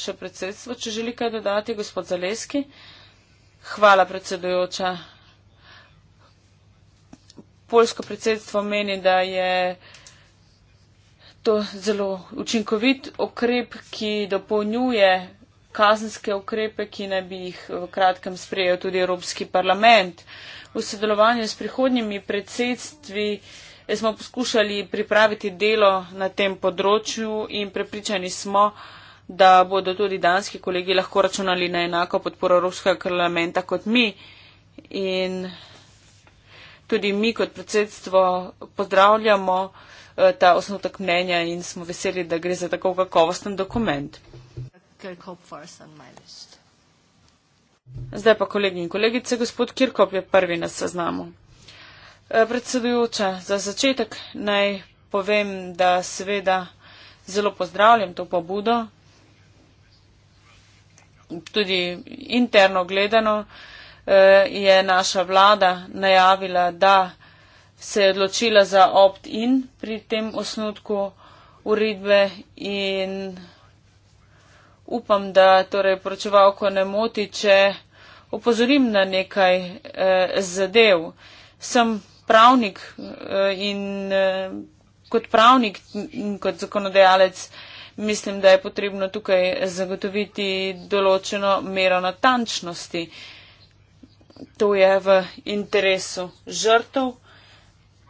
še predsedstvo, če želi kaj dodati, gospod Zaleski. Hvala, predsedujoča. Polsko predsedstvo meni, da je to zelo učinkovit okrep, ki dopolnjuje kazenske ukrepe, ki naj bi jih v kratkem sprejel tudi Evropski parlament. V sodelovanju s prihodnjimi predsedstvi eh, smo poskušali pripraviti delo na tem področju in prepričani smo, da bodo tudi danski kolegi lahko računali na enako podporo Evropskega parlamenta kot mi. In tudi mi kot predsedstvo pozdravljamo eh, ta osnotek mnenja in smo veseli, da gre za tako kakovosten dokument. Zdaj pa kolegi in kolegice, gospod Kirkop je prvi na seznamu. Eh, predsedujoča, za začetek naj povem, da seveda zelo pozdravljam to pobudo, tudi interno gledano, eh, je naša vlada najavila, da se je odločila za opt-in pri tem osnutku uredbe in upam, da torej poročevalko ne moti, če opozorim na nekaj eh, zadev. Sem pravnik eh, in kot pravnik in kot zakonodajalec mislim, da je potrebno tukaj zagotoviti določeno mero natančnosti. To je v interesu žrtov,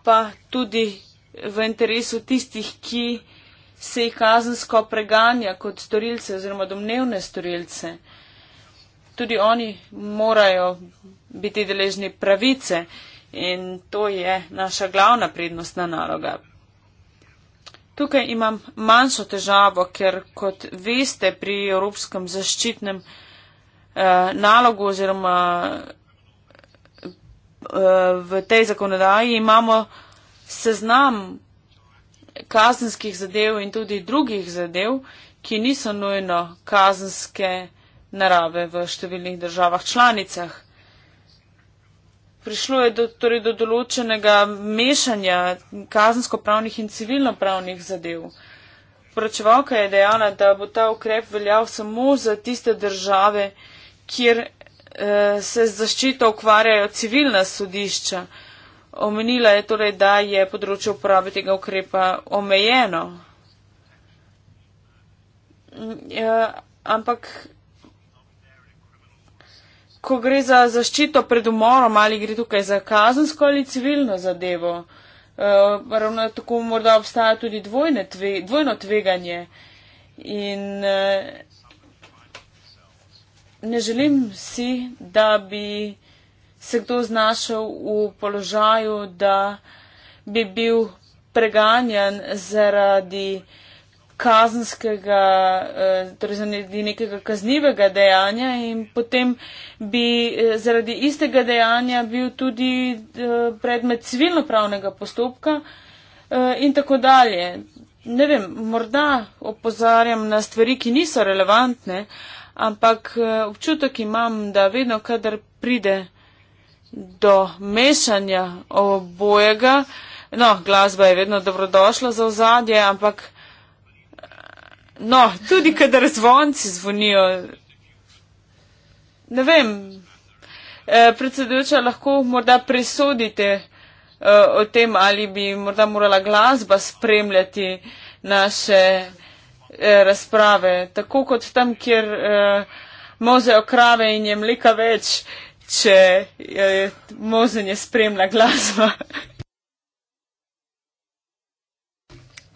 pa tudi v interesu tistih, ki se jih kazensko preganja kot storilce oziroma domnevne storilce. Tudi oni morajo biti deležni pravice in to je naša glavna prednostna naloga. Tukaj imam manjšo težavo, ker kot veste pri Evropskem zaščitnem eh, nalogu oziroma eh, v tej zakonodaji imamo seznam kazenskih zadev in tudi drugih zadev, ki niso nujno kazenske narave v številnih državah članicah prišlo je do, torej do določenega mešanja kazensko-pravnih in civilno-pravnih zadev. Poročevalka je dejala, da bo ta ukrep veljal samo za tiste države, kjer eh, se z zaščito ukvarjajo civilna sodišča. Omenila je torej, da je področje uporabe tega ukrepa omejeno. Eh, ampak ko gre za zaščito pred umorom, ali gre tukaj za kazensko ali civilno zadevo. Uh, ravno tako morda obstaja tudi dvojne tve, dvojno tveganje. In uh, ne želim si, da bi se kdo znašel v položaju, da bi bil preganjan zaradi uh, kazenskega, eh, torej zaradi nekega kaznivega dejanja in potem bi eh, zaradi istega dejanja bil tudi eh, predmet civilnopravnega postopka in tako dalje. Ne vem, morda opozarjam na stvari, ki niso relevantne, ampak občutek imam, da vedno, kadar pride do mešanja obojega, no, glasba je vedno dobrodošla za ozadje, ampak No, tudi kadar zvonci zvonijo. Ne vem, e, predsedujoča, lahko morda presodite e, o tem, ali bi morda morala glasba spremljati naše e, razprave, tako kot tam, kjer e, mozejo krave in je mleka več, če e, mozenje spremlja glasba.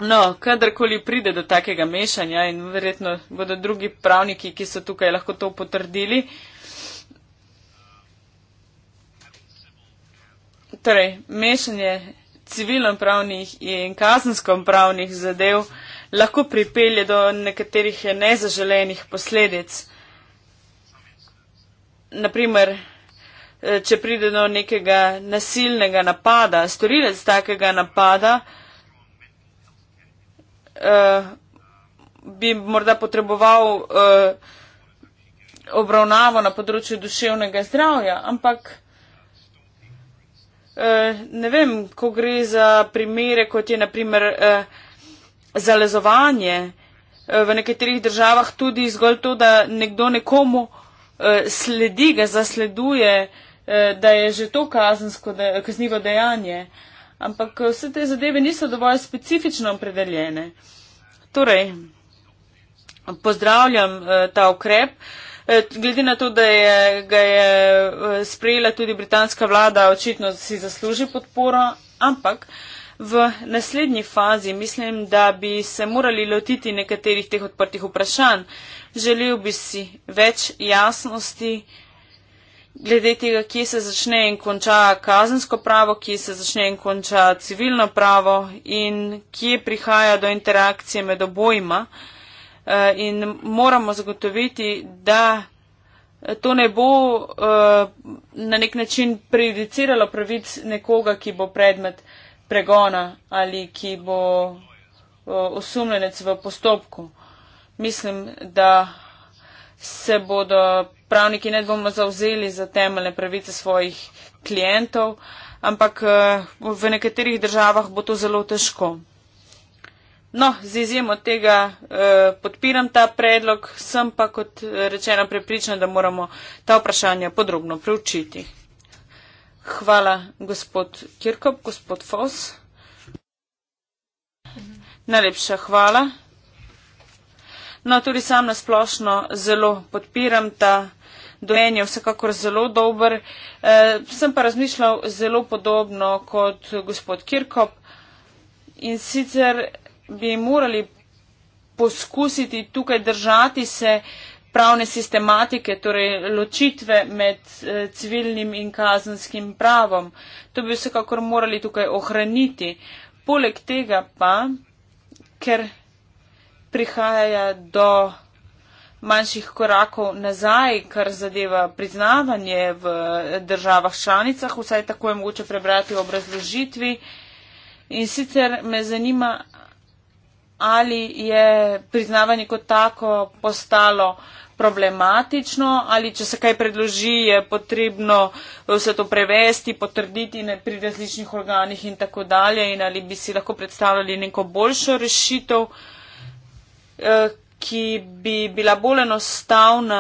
No, kadarkoli pride do takega mešanja in verjetno bodo drugi pravniki, ki so tukaj, lahko to potrdili. Torej, mešanje civilno-pravnih in kazensko-pravnih zadev lahko pripelje do nekaterih nezaželenih posledic. Naprimer, eh, če pride do nekega nasilnega napada, storilec takega napada, Eh, bi morda potreboval eh, obravnavo na področju duševnega zdravja, ampak eh, ne vem, ko gre za primere, kot je naprimer zalezovanje v nekaterih državah, tudi zgolj to, da nekdo nekomu sledi, ga zasleduje, da je že to kaznivo dejanje ampak eh, vse te zadeve niso dovolj specifično opredeljene. Torej, pozdravljam eh, ta ukrep. Eh, glede na to, da je, ga je sprejela tudi britanska vlada, očitno si zasluži podporo, ampak v naslednji fazi mislim, da bi se morali lotiti nekaterih teh odprtih vprašanj. Želel bi si več jasnosti glede tega, kje se začne in konča kazensko pravo, kje se začne in konča civilno pravo in kje prihaja do interakcije med obojima. Eh, in moramo zagotoviti, da to ne bo eh, na nek način prejudiciralo pravic nekoga, ki bo predmet pregona ali ki bo eh, osumljenec v postopku. Mislim, da uh, se bodo pravniki nedvomno zauzeli za temeljne pravice svojih klientov, ampak eh, v nekaterih državah bo to zelo težko. No, z izjemo tega eh, podpiram ta predlog, sem pa kot eh, rečeno prepričana, da moramo ta vprašanja podrobno preučiti. Hvala, gospod Kirkop, gospod Fos. Najlepša hvala. No, tudi sam nasplošno zelo podpiram ta dojenje, vsekakor zelo dober. E, sem pa razmišljal zelo podobno kot gospod Kirkop in sicer bi morali poskusiti tukaj držati se pravne sistematike, torej ločitve med eh, civilnim in kazanskim pravom. To bi vsekakor morali tukaj ohraniti. Poleg tega pa, ker prihaja do manjših korakov nazaj, kar zadeva priznavanje v državah članicah, vsaj tako je mogoče prebrati v obrazložitvi. In sicer me zanima, ali je priznavanje kot tako postalo problematično ali če se kaj predloži, je potrebno vse to prevesti, potrditi pri različnih organih in tako dalje in ali bi si lahko predstavljali neko boljšo rešitev. Uh, Eh, ki bi bila bolj enostavna,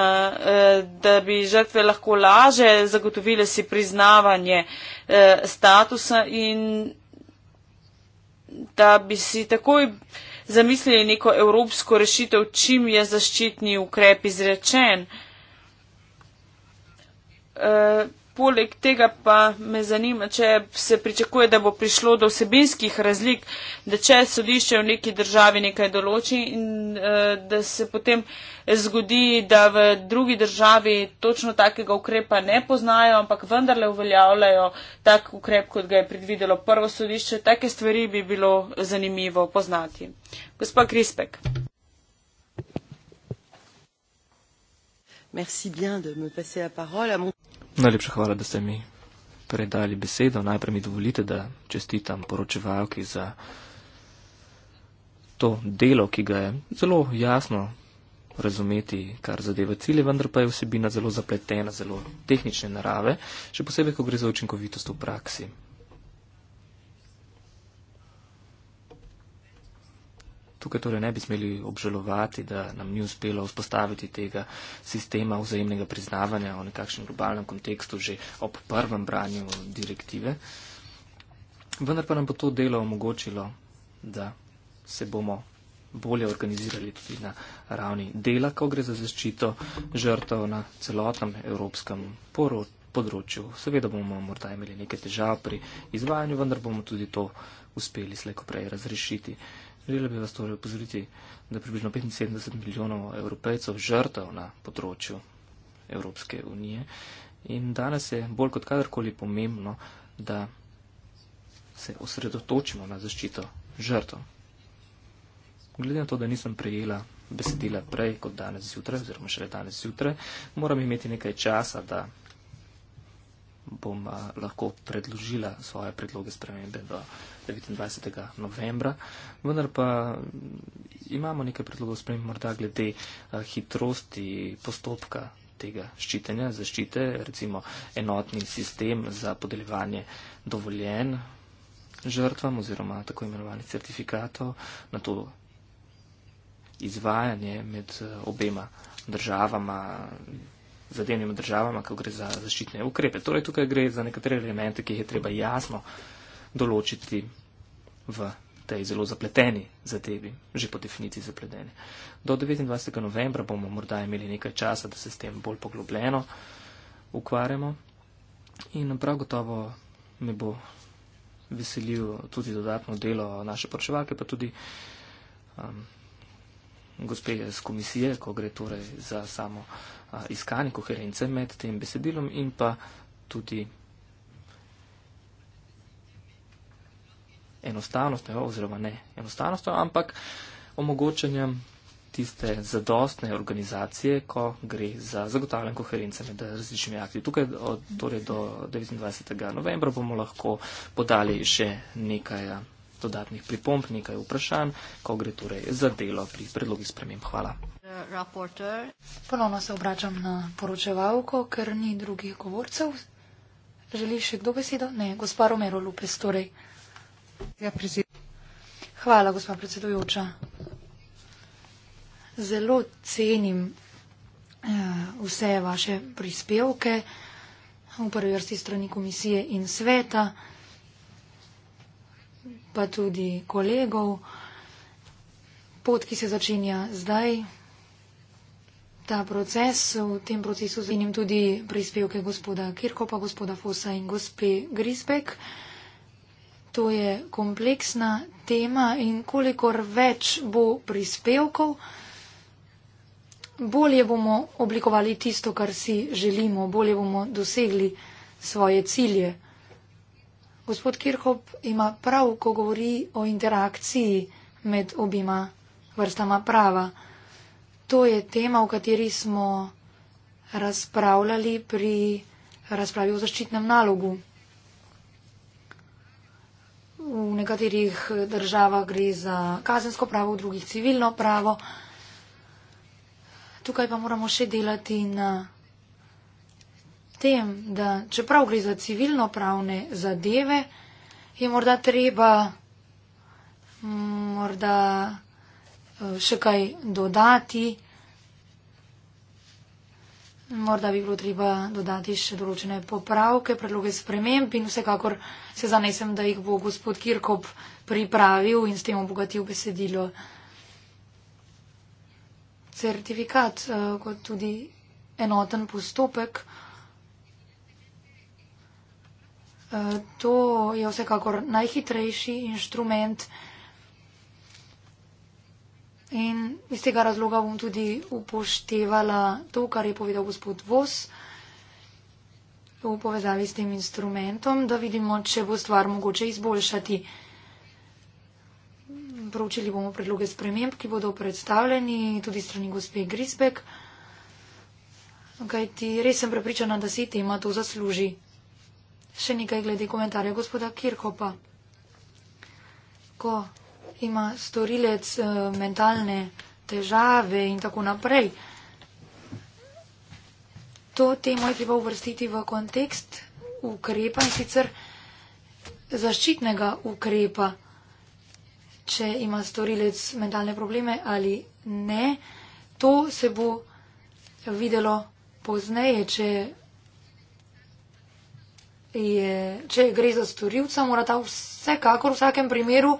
eh, da bi žrtve lahko laže zagotovile si priznavanje eh, statusa in da bi si takoj zamislili neko evropsko rešitev, čim je zaščitni ukrep izrečen. Poleg tega pa me zanima, če se pričakuje, da bo prišlo do vsebinskih razlik, da če sodišče v neki državi nekaj določi in eh, da se potem zgodi, da v drugi državi točno takega ukrepa ne poznajo, ampak vendarle uveljavljajo tak ukrep, kot ga je predvidelo prvo sodišče. Take stvari bi bilo zanimivo poznati. Gospa Krispek. Merci bien de me passer la parole. À mon... Najlepša hvala, da ste mi predali besedo. Najprej mi dovolite, da čestitam poročevalki za to delo, ki ga je zelo jasno razumeti, kar zadeva cilje, vendar pa je vsebina zelo zapletena, zelo tehnične narave, še posebej, ko gre za učinkovitost v praksi. Tukaj torej ne bi smeli obžalovati, da nam ni uspelo vzpostaviti tega sistema vzajemnega priznavanja v nekakšnem globalnem kontekstu že ob prvem branju direktive. Vendar pa nam bo to delo omogočilo, da se bomo bolje organizirali tudi na ravni dela, ko gre za zaščito žrtev na celotnem evropskem področju. Seveda bomo morda imeli nekaj težav pri izvajanju, vendar bomo tudi to uspeli slejko prej razrešiti. Želela bi vas torej opozoriti, da je približno 75 milijonov evropejcev žrtev na področju Evropske unije in danes je bolj kot kadarkoli pomembno, da se osredotočimo na zaščito žrtev. Glede na to, da nisem prejela besedila prej kot danes zjutraj, oziroma šele danes zjutraj, moram imeti nekaj časa, da bom eh, lahko predložila svoje predloge spremembe do 29. novembra. Vendar pa mm, imamo nekaj predlogov spremembe morda glede eh, hitrosti postopka tega ščitenja, zaščite, recimo enotni sistem za podeljevanje dovoljen žrtvam oziroma tako imenovanih certifikatov na to izvajanje med eh, obema državama zadevnim državama, ko gre za zaščitne ukrepe. Torej, tukaj gre za nekatere elemente, ki jih je treba jasno določiti v tej zelo zapleteni zadevi, že po definiciji zapleteni. Do 29. novembra bomo morda imeli nekaj časa, da se s tem bolj poglobljeno ukvarjamo. In prav gotovo me bo veselil tudi dodatno delo naše poročevalke, pa tudi um, gospe z komisije, ko gre torej za samo a, iskanje koherence med tem besedilom in pa tudi enostavnost, oziroma ne enostavnost, ampak omogočanjem tiste zadostne organizacije, ko gre za zagotavljanje koherence med različnimi akti. Tukaj od, torej do 29. novembra bomo lahko podali še nekaj. A, dodatnih pripomp, nekaj vprašanj, ko gre torej za delo pri predlogi sprememb. Hvala. Ponovno se obračam na poročevalko, ker ni drugih govorcev. Želi še kdo besedo? Ne, gospa Romero Lupes, torej. Ja, Hvala, gospa predsedujoča. Zelo cenim eh, vse vaše prispevke v prvi vrsti strani komisije in sveta pa tudi kolegov. Pot, ki se začenja zdaj, ta proces, v tem procesu zanim tudi prispevke gospoda Kirkopa, gospoda Fosa in gospe Grisbek. To je kompleksna tema in kolikor več bo prispevkov, bolje bomo oblikovali tisto, kar si želimo, bolje bomo dosegli svoje cilje. Gospod Kirhop ima prav, ko govori o interakciji med obima vrstama prava. To je tema, o kateri smo razpravljali pri razpravi o zaščitnem nalogu. V nekaterih državah gre za kazensko pravo, v drugih civilno pravo. Tukaj pa moramo še delati na tem, da čeprav gre za civilno pravne zadeve, je morda treba mm, morda eh, še kaj dodati. Morda bi bilo treba dodati še določene popravke, predloge sprememb in vsekakor se zanesem, da jih bo gospod Kirkop pripravil in s tem obogatil besedilo. Certifikat eh, kot tudi enoten postopek to je vsekakor najhitrejši inštrument. In iz tega razloga bom tudi upoštevala to, kar je povedal gospod Vos v povezavi s tem instrumentom, da vidimo, če bo stvar mogoče izboljšati. Proučili bomo predloge sprememb, ki bodo predstavljeni tudi strani gospe Grisbek, kajti res sem prepričana, da si tema to zasluži še nekaj glede komentarja gospoda Kirkopa. Ko ima storilec uh, mentalne težave in tako naprej. To temo je treba uvrstiti v kontekst ukrepa in sicer zaščitnega ukrepa, če ima storilec mentalne probleme ali ne. To se bo videlo pozneje, če je, če gre za storilca, mora ta vsekakor v vsakem primeru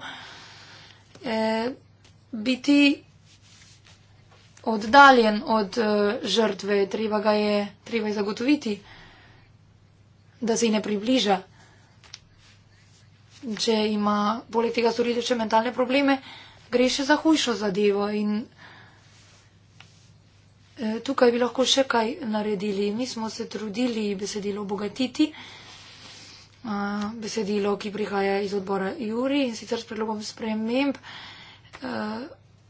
eh, biti oddaljen od eh, žrtve. Treba ga je, treba je zagotoviti, da se ji ne približa. Če ima poleg tega storilce še mentalne probleme, gre še za hujšo zadevo in eh, tukaj bi lahko še kaj naredili. Mi smo se trudili besedilo obogatiti uh, besedilo, ki prihaja iz odbora Juri in sicer s predlogom sprememb. Uh,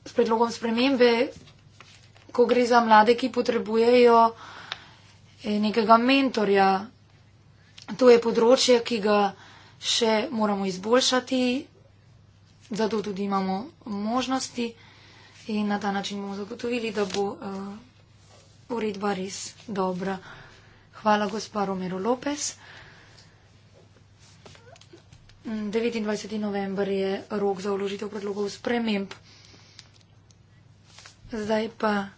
s predlogom spremembe, ko gre za mlade, ki potrebujejo e, nekega mentorja. To je področje, ki ga še moramo izboljšati, zato tudi imamo možnosti in na ta način bomo zagotovili, da bo uh, uredba res dobra. Hvala, gospa Romero Lopez. 29. november je rok za vložitev predlogov sprememb. Zdaj pa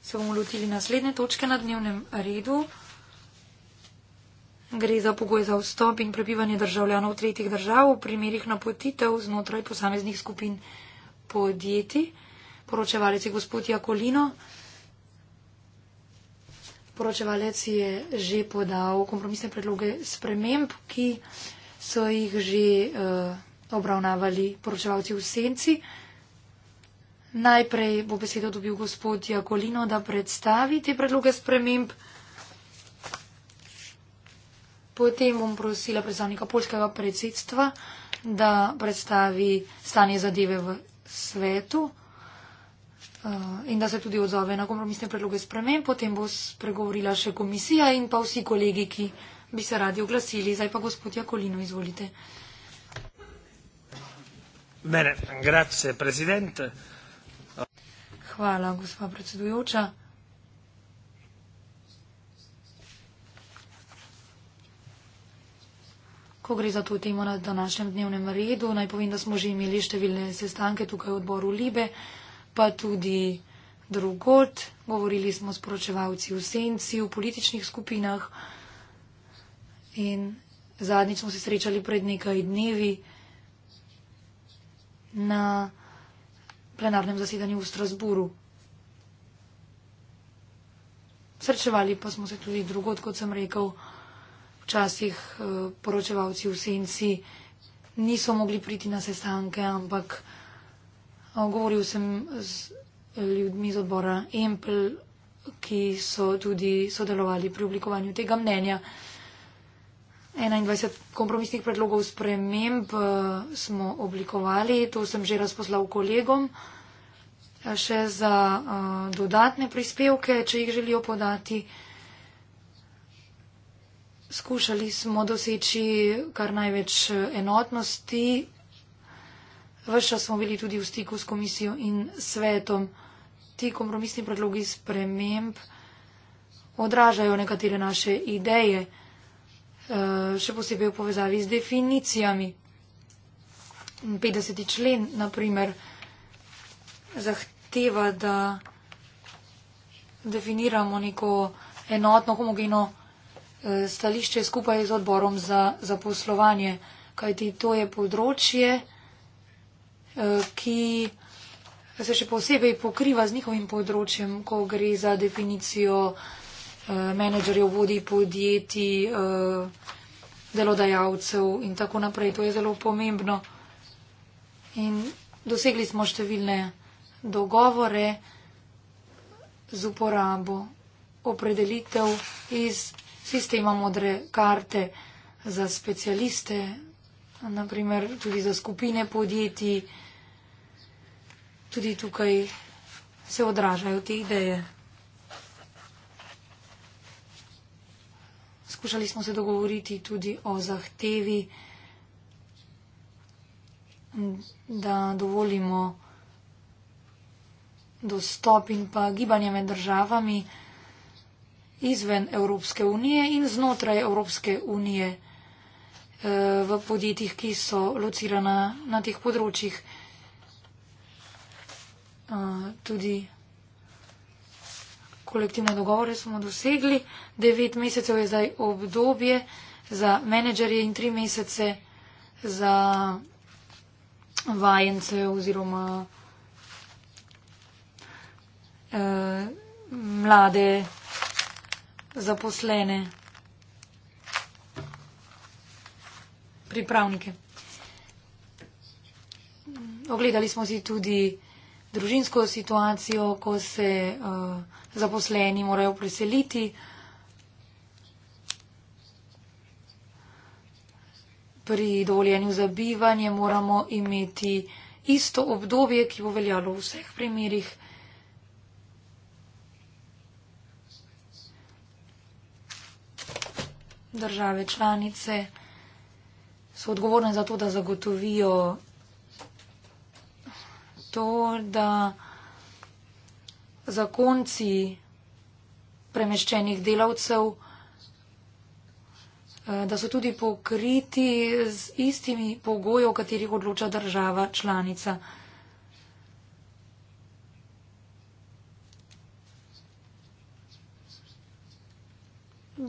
se bomo lotili naslednje točke na dnevnem redu. Gre za pogoj za vstop in prebivanje državljanov tretjih držav v primerih napotitev znotraj posameznih skupin podjetij. Poročevalec je gospod Jakolino. Poročevalec je že podal kompromisne predloge sprememb, ki so jih že uh, obravnavali poročevalci v senci. Najprej bo besedo dobil gospod Jakolino, da predstavi te predloge sprememb. Potem bom prosila predstavnika polskega predsedstva, da predstavi stanje zadeve v svetu eh, in da se tudi odzove na kompromisne predloge sprememb. Potem bo spregovorila še komisija in pa vsi kolegi, ki bi se radi oglasili. Zdaj pa gospod Jakolino, izvolite. Bene, grazie, president. Hvala, gospa predsedujoča. Ko gre za to temo na današnjem dnevnem redu, naj povem, da smo že imeli številne sestanke tukaj v odboru Libe, pa tudi drugot. Govorili smo s poročevalci v senci, v političnih skupinah. In zadnjič smo se srečali pred nekaj dnevi na plenarnem zasedanju v Strasburu. Srečevali pa smo se tudi drugot, kot sem rekel, včasih eh, poročevalci v senci niso mogli priti na sestanke, ampak govoril sem z ljudmi z odbora Empl, ki so tudi sodelovali pri oblikovanju tega mnenja. 21 kompromisnih predlogov sprememb eh, smo oblikovali, to sem že razposlal kolegom. Ja, še za uh, dodatne prispevke, če jih želijo podati, skušali smo doseči kar največ eh, enotnosti. Vse čas smo bili tudi v stiku s komisijo in svetom. Ti kompromisni predlogi sprememb odražajo nekatere naše ideje. Eh, še posebej v povezavi z definicijami. 50. člen, naprimer, zahteva, da definiramo neko enotno homogeno eh, stališče skupaj z odborom za, za poslovanje, kajti to je področje, eh, ki se še posebej pokriva z njihovim področjem, ko gre za definicijo menedžerjev, vodij podjetij, eh, delodajalcev in tako naprej. To je zelo pomembno. In dosegli smo številne dogovore z uporabo opredelitev iz sistema modre karte za specialiste, naprimer tudi za skupine podjetij. Tudi tukaj se odražajo te ideje. Skušali smo se dogovoriti tudi o zahtevi, da dovolimo dostop in pa gibanje med državami izven Evropske unije in znotraj Evropske unije eh, v podjetjih, ki so locirana na teh področjih. Eh, tudi kolektivne dogovore smo dosegli, devet mesecev je zdaj obdobje za menedžerje in tri mesece za vajence oziroma eh, mlade zaposlene pripravnike. Ogledali smo si tudi družinsko situacijo, ko se eh, zaposleni morajo preseliti. Pri dovoljenju za bivanje moramo imeti isto obdobje, ki bo veljalo v vseh primerih. Države članice so odgovorne za to, da zagotovijo to, da zakonci premeščenih delavcev, eh, da so tudi pokriti z istimi pogoji, o katerih odloča država članica.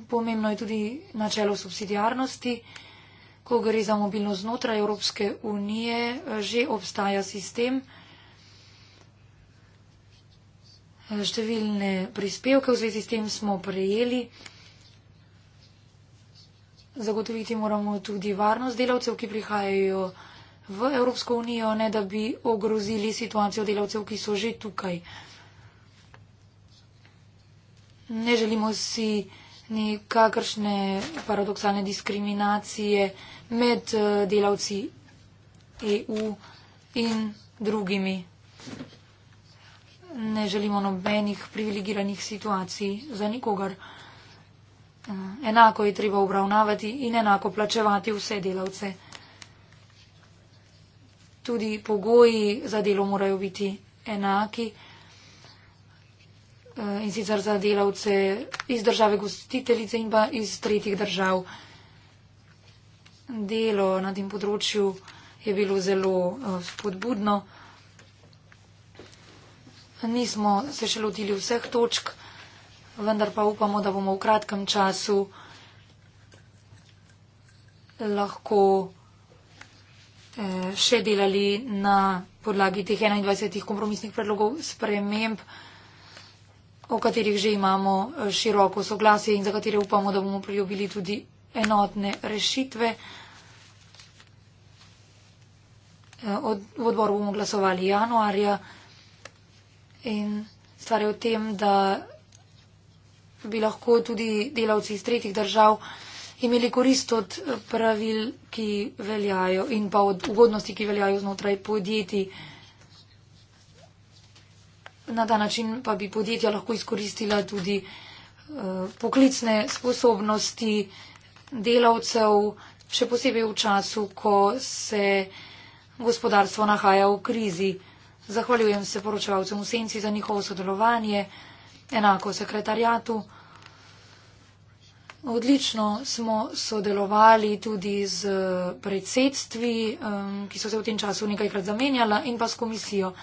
Pomembno je tudi načelo subsidijarnosti. Ko gre za mobilnost znotraj Evropske unije, eh, že obstaja sistem, številne prispevke v zvezi s tem smo prejeli. Zagotoviti moramo tudi varnost delavcev, ki prihajajo v Evropsko unijo, ne da bi ogrozili situacijo delavcev, ki so že tukaj. Ne želimo si nikakršne paradoksalne diskriminacije med eh, delavci EU in drugimi ne želimo nobenih privilegiranih situacij za nikogar. Eh, enako je treba obravnavati in enako plačevati vse delavce. Tudi pogoji za delo morajo biti enaki eh, in sicer za delavce iz države gostiteljice in pa iz tretjih držav. Delo na tem področju je bilo zelo eh, spodbudno. Nismo se še lotili vseh točk, vendar pa upamo, da bomo v kratkem času lahko eh, še delali na podlagi teh 21 kompromisnih predlogov sprememb, o katerih že imamo eh, široko soglasje in za katere upamo, da bomo priljubili tudi enotne rešitve. Eh, v odboru bomo glasovali januarja. In stvar je v tem, da bi lahko tudi delavci iz tretjih držav imeli korist od eh, pravil, ki veljajo in pa od ugodnosti, ki veljajo znotraj podjetij. Na ta način pa bi podjetja lahko izkoristila tudi eh, poklicne sposobnosti delavcev, še posebej v času, ko se gospodarstvo nahaja v krizi. Zahvaljujem se poročevalcem v senci za njihovo sodelovanje, enako sekretarjatu. Odlično smo sodelovali tudi z predsedstvi, ki so se v tem času nekajkrat zamenjala, in pa s komisijo.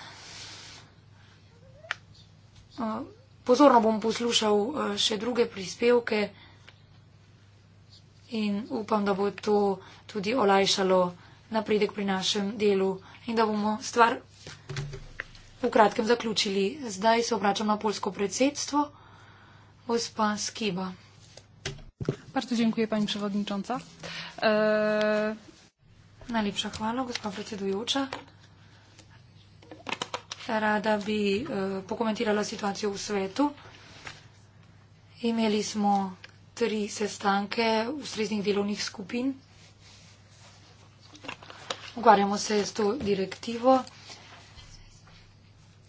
Pozorno bom poslušal e, še druge prispevke in upam, da bo to tudi olajšalo napredek pri našem delu in da bomo stvar v kratkem zaključili. Zdaj se obračam na polsko predsedstvo. Gospa Skiba. Bardzo dziękuję pani przewodnicząca. E... Najlepsza hvala, gospa predsedujoča. Rada bi e, pokomentirala situacijo v svetu. Imeli smo tri sestanke ustreznih delovnih skupin. Ugvarjamo se s to direktivo.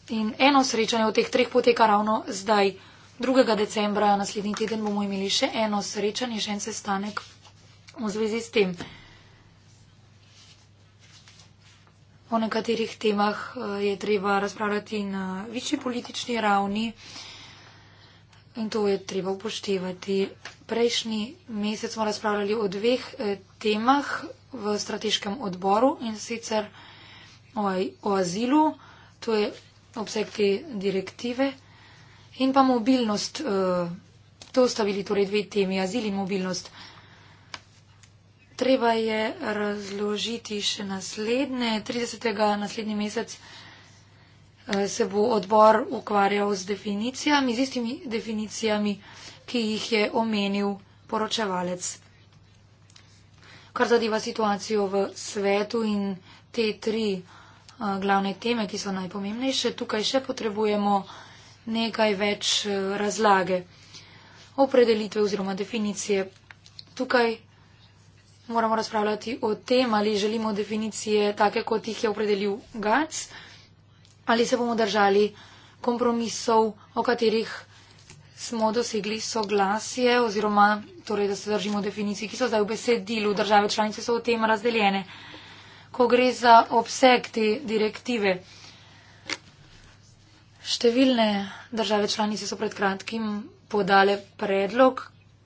In eno srečanje v teh treh poteka ravno zdaj. 2. decembra, naslednji teden, bomo imeli še eno srečanje, še en sestanek v zvezi s tem. O nekaterih temah eh, je treba razpravljati na višji politični ravni in to je treba upoštevati. Prejšnji mesec smo razpravljali o dveh eh, temah v strateškem odboru in sicer o, o azilu. To je obseg te direktive in pa mobilnost. Eh, to sta bili torej dve temi, azil in mobilnost. Treba je razložiti še naslednje. 30. naslednji mesec eh, se bo odbor ukvarjal z definicijami, z istimi definicijami, ki jih je omenil poročevalec. Kar zadeva situacijo v svetu in te tri glavne teme, ki so najpomembnejše. Tukaj še potrebujemo nekaj več e, razlage, opredelitve oziroma definicije. Tukaj moramo razpravljati o tem, ali želimo definicije take, kot jih je opredelil GAC, ali se bomo držali kompromisov, o katerih smo dosegli soglasje oziroma torej, da se držimo definicij, ki so zdaj v besedilu. Države članice so o tem razdeljene ko gre za obseg te direktive. Številne države članice so pred kratkim podale predlog,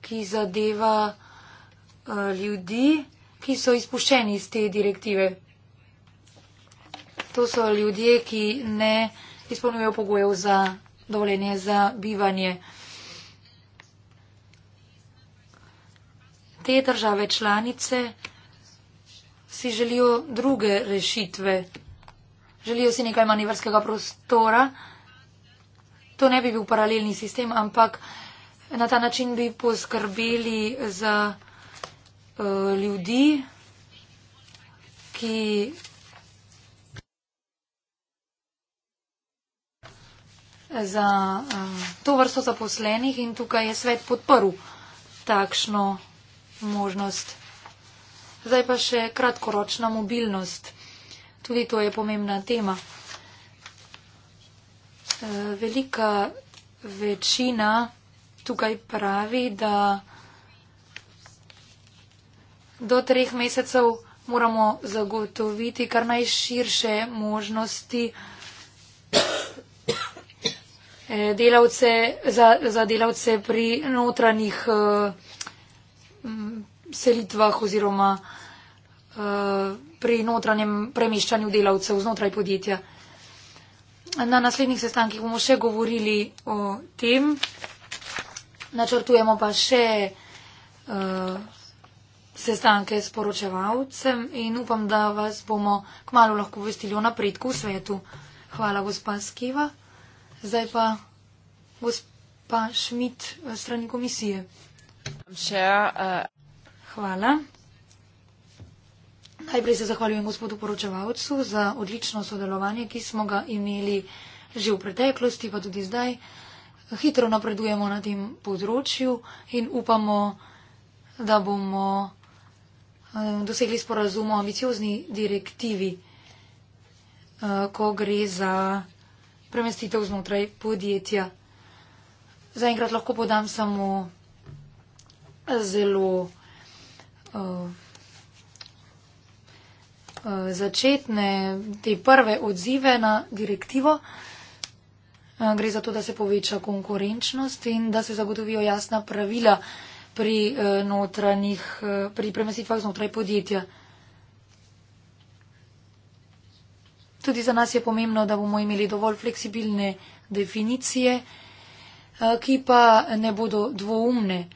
ki zadeva uh, ljudi, ki so izpuščeni iz te direktive. To so ljudje, ki ne izpolnjujejo pogojev za dovoljenje za bivanje. Te države članice si želijo druge rešitve. Želijo si nekaj manevrskega prostora. To ne bi bil paralelni sistem, ampak na ta način bi poskrbeli za uh, ljudi, ki. za uh, to vrsto zaposlenih in tukaj je svet podporil takšno možnost. Zdaj pa še kratkoročna mobilnost. Tudi to je pomembna tema. E, velika večina tukaj pravi, da do treh mesecev moramo zagotoviti kar najširše možnosti e, delavce, za, za delavce pri notranjih e, selitvah oziroma uh, pri notranjem premeščanju delavcev znotraj podjetja. Na naslednjih sestankih bomo še govorili o tem. Načrtujemo pa še uh, sestanke s poročevalcem in upam, da vas bomo kmalo lahko vestili o napredku v svetu. Hvala, gospa Skiva. Zdaj pa gospa Šmit eh, strani komisije. Sure, uh... Hvala. Najprej se zahvaljujem gospodu poročevalcu za odlično sodelovanje, ki smo ga imeli že v preteklosti, pa tudi zdaj. Hitro napredujemo na tem področju in upamo, da bomo eh, dosegli sporazum o ambiciozni direktivi, eh, ko gre za premestitev znotraj podjetja. Zaenkrat lahko podam samo zelo. Uh, uh, začetne, te prve odzive na direktivo. Uh, gre za to, da se poveča konkurenčnost in da se zagotovijo jasna pravila pri, pri premestitvah znotraj podjetja. Tudi za nas je pomembno, da bomo imeli dovolj fleksibilne definicije, ki pa ne bodo dvoumne.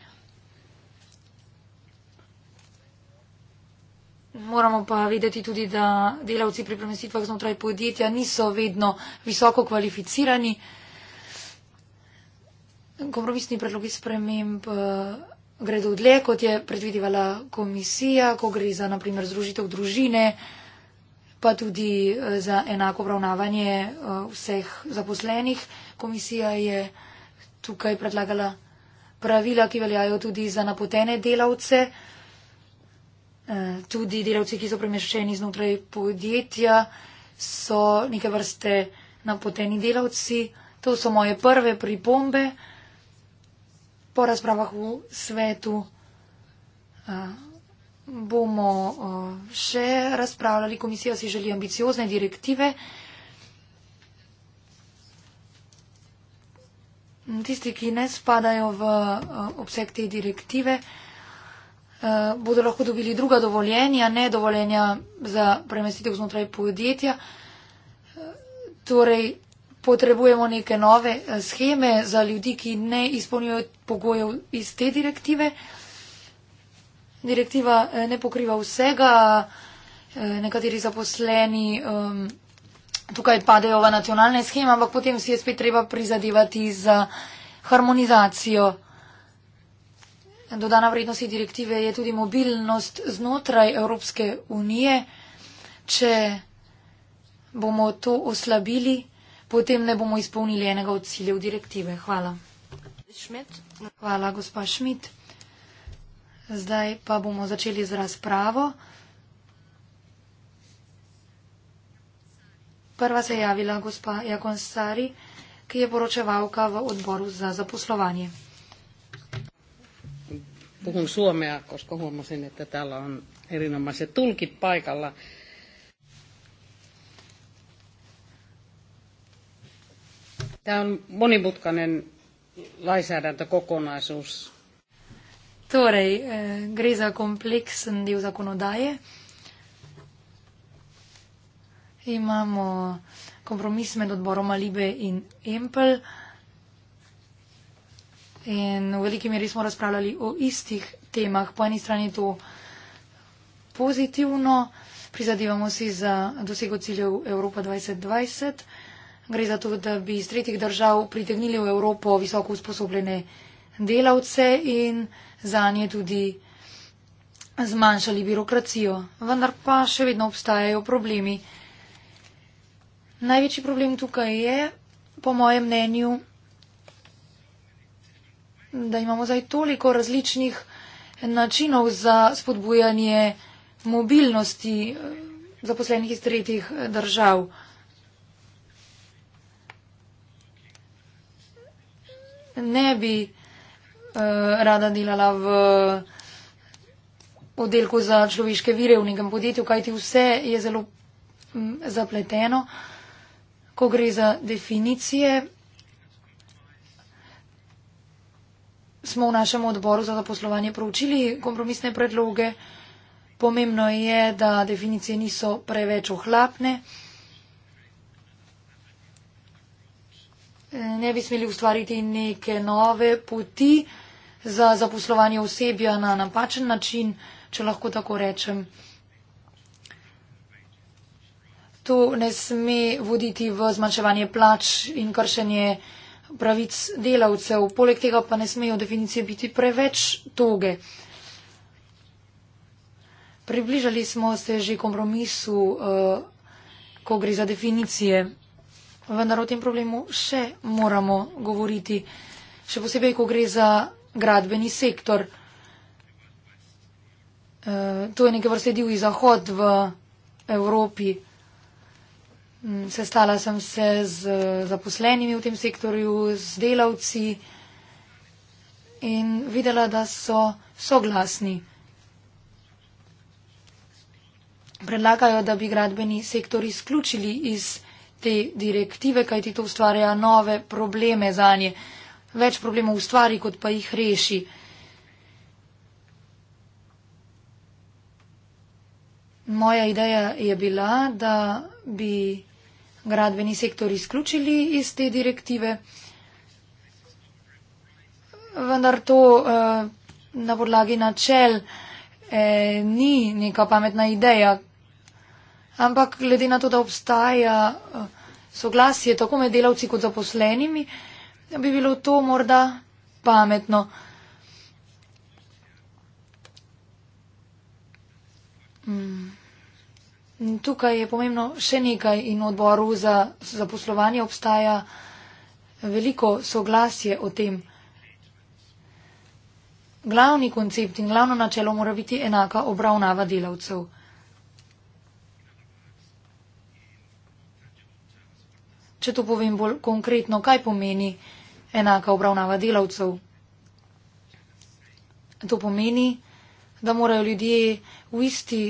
Moramo pa videti tudi, da delavci pri premestitvah znotraj podjetja niso vedno visoko kvalificirani. Kompromisni predlogi sprememb eh, gredo dlje, kot je predvidevala komisija, ko gre za naprimer združitev družine, pa tudi eh, za enako obravnavanje eh, vseh zaposlenih. Komisija je tukaj predlagala pravila, ki veljajo tudi za napotene delavce. Eh, tudi delavci, ki so premeščeni znotraj podjetja, so neke vrste napoteni delavci. To so moje prve pripombe. Po razpravah v svetu eh, bomo eh, še razpravljali. Komisija si želi ambiciozne direktive. Tisti, ki ne spadajo v obseg te direktive, Eh, bodo lahko dobili druga dovoljenja, ne dovoljenja za premestitev znotraj podjetja. Eh, torej, potrebujemo neke nove eh, scheme za ljudi, ki ne izpolnjujejo pogojev iz te direktive. Direktiva ne pokriva vsega, nekateri zaposleni ehm, tukaj padejo v nacionalne scheme, ampak potem si je spet treba prizadevati za harmonizacijo. Dodana vrednost direktive je tudi mobilnost znotraj Evropske unije. Če bomo to oslabili, potem ne bomo izpolnili enega od ciljev direktive. Hvala. Schmidt. Hvala, gospa Šmit. Zdaj pa bomo začeli z razpravo. Prva se je javila gospa Jakonsari, ki je poročevalka v odboru za zaposlovanje puhun suomea, koska huomasin, että täällä on erinomaiset tulkit paikalla. Tämä on monimutkainen lainsäädäntökokonaisuus. Torej, eh, gre za kompleksen del zakonodaje. Imamo kompromis med odboroma Libe in Empel. In v veliki meri smo razpravljali o istih temah. Po eni strani to pozitivno, prizadevamo si za dosego ciljev Evropa 2020. Gre za to, da bi iz tretjih držav pritegnili v Evropo visoko usposobljene delavce in za nje tudi zmanjšali birokracijo. Vendar pa še vedno obstajajo problemi. Največji problem tukaj je, po mojem mnenju, da imamo zdaj toliko različnih načinov za spodbujanje mobilnosti eh, zaposlenih iz tretjih eh, držav. Ne bi uh, rada delala v oddelku za človeške vire v nekem podjetju, kajti vse je zelo m, mm, zapleteno, ko gre za definicije smo v našem odboru za zaposlovanje proučili kompromisne predloge. Pomembno je, da definicije niso preveč ohlapne. Ne bi smeli ustvariti neke nove poti za zaposlovanje osebja na napačen način, če lahko tako rečem. To ne sme voditi v zmanjševanje plač in kršenje pravic delavcev, poleg tega pa ne smejo definicije biti preveč toge. Približali smo se že kompromisu, eh, ko gre za definicije, vendar o tem problemu še moramo govoriti, še posebej, ko gre za gradbeni sektor. Eh, to je nekaj vrstedil iz Zahod v Evropi. Mm, sestala sem se z zaposlenimi v tem sektorju, z delavci in videla, da so soglasni. Predlagajo, da bi gradbeni sektor izključili iz te direktive, kajti to ustvarja nove probleme za nje. Več problemov ustvari, kot pa jih reši. Moja ideja je bila, da bi gradbeni sektor izključili iz te direktive. Vendar to eh, na podlagi načel eh, ni neka pametna ideja. Ampak glede na to, da obstaja eh, soglasje tako med delavci kot zaposlenimi, bi bilo to morda pametno. Mm. Tukaj je pomembno še nekaj in odboru za zaposlovanje obstaja veliko soglasje o tem. Glavni koncept in glavno načelo mora biti enaka obravnava delavcev. Če to povem bolj konkretno, kaj pomeni enaka obravnava delavcev? To pomeni, da morajo ljudje v isti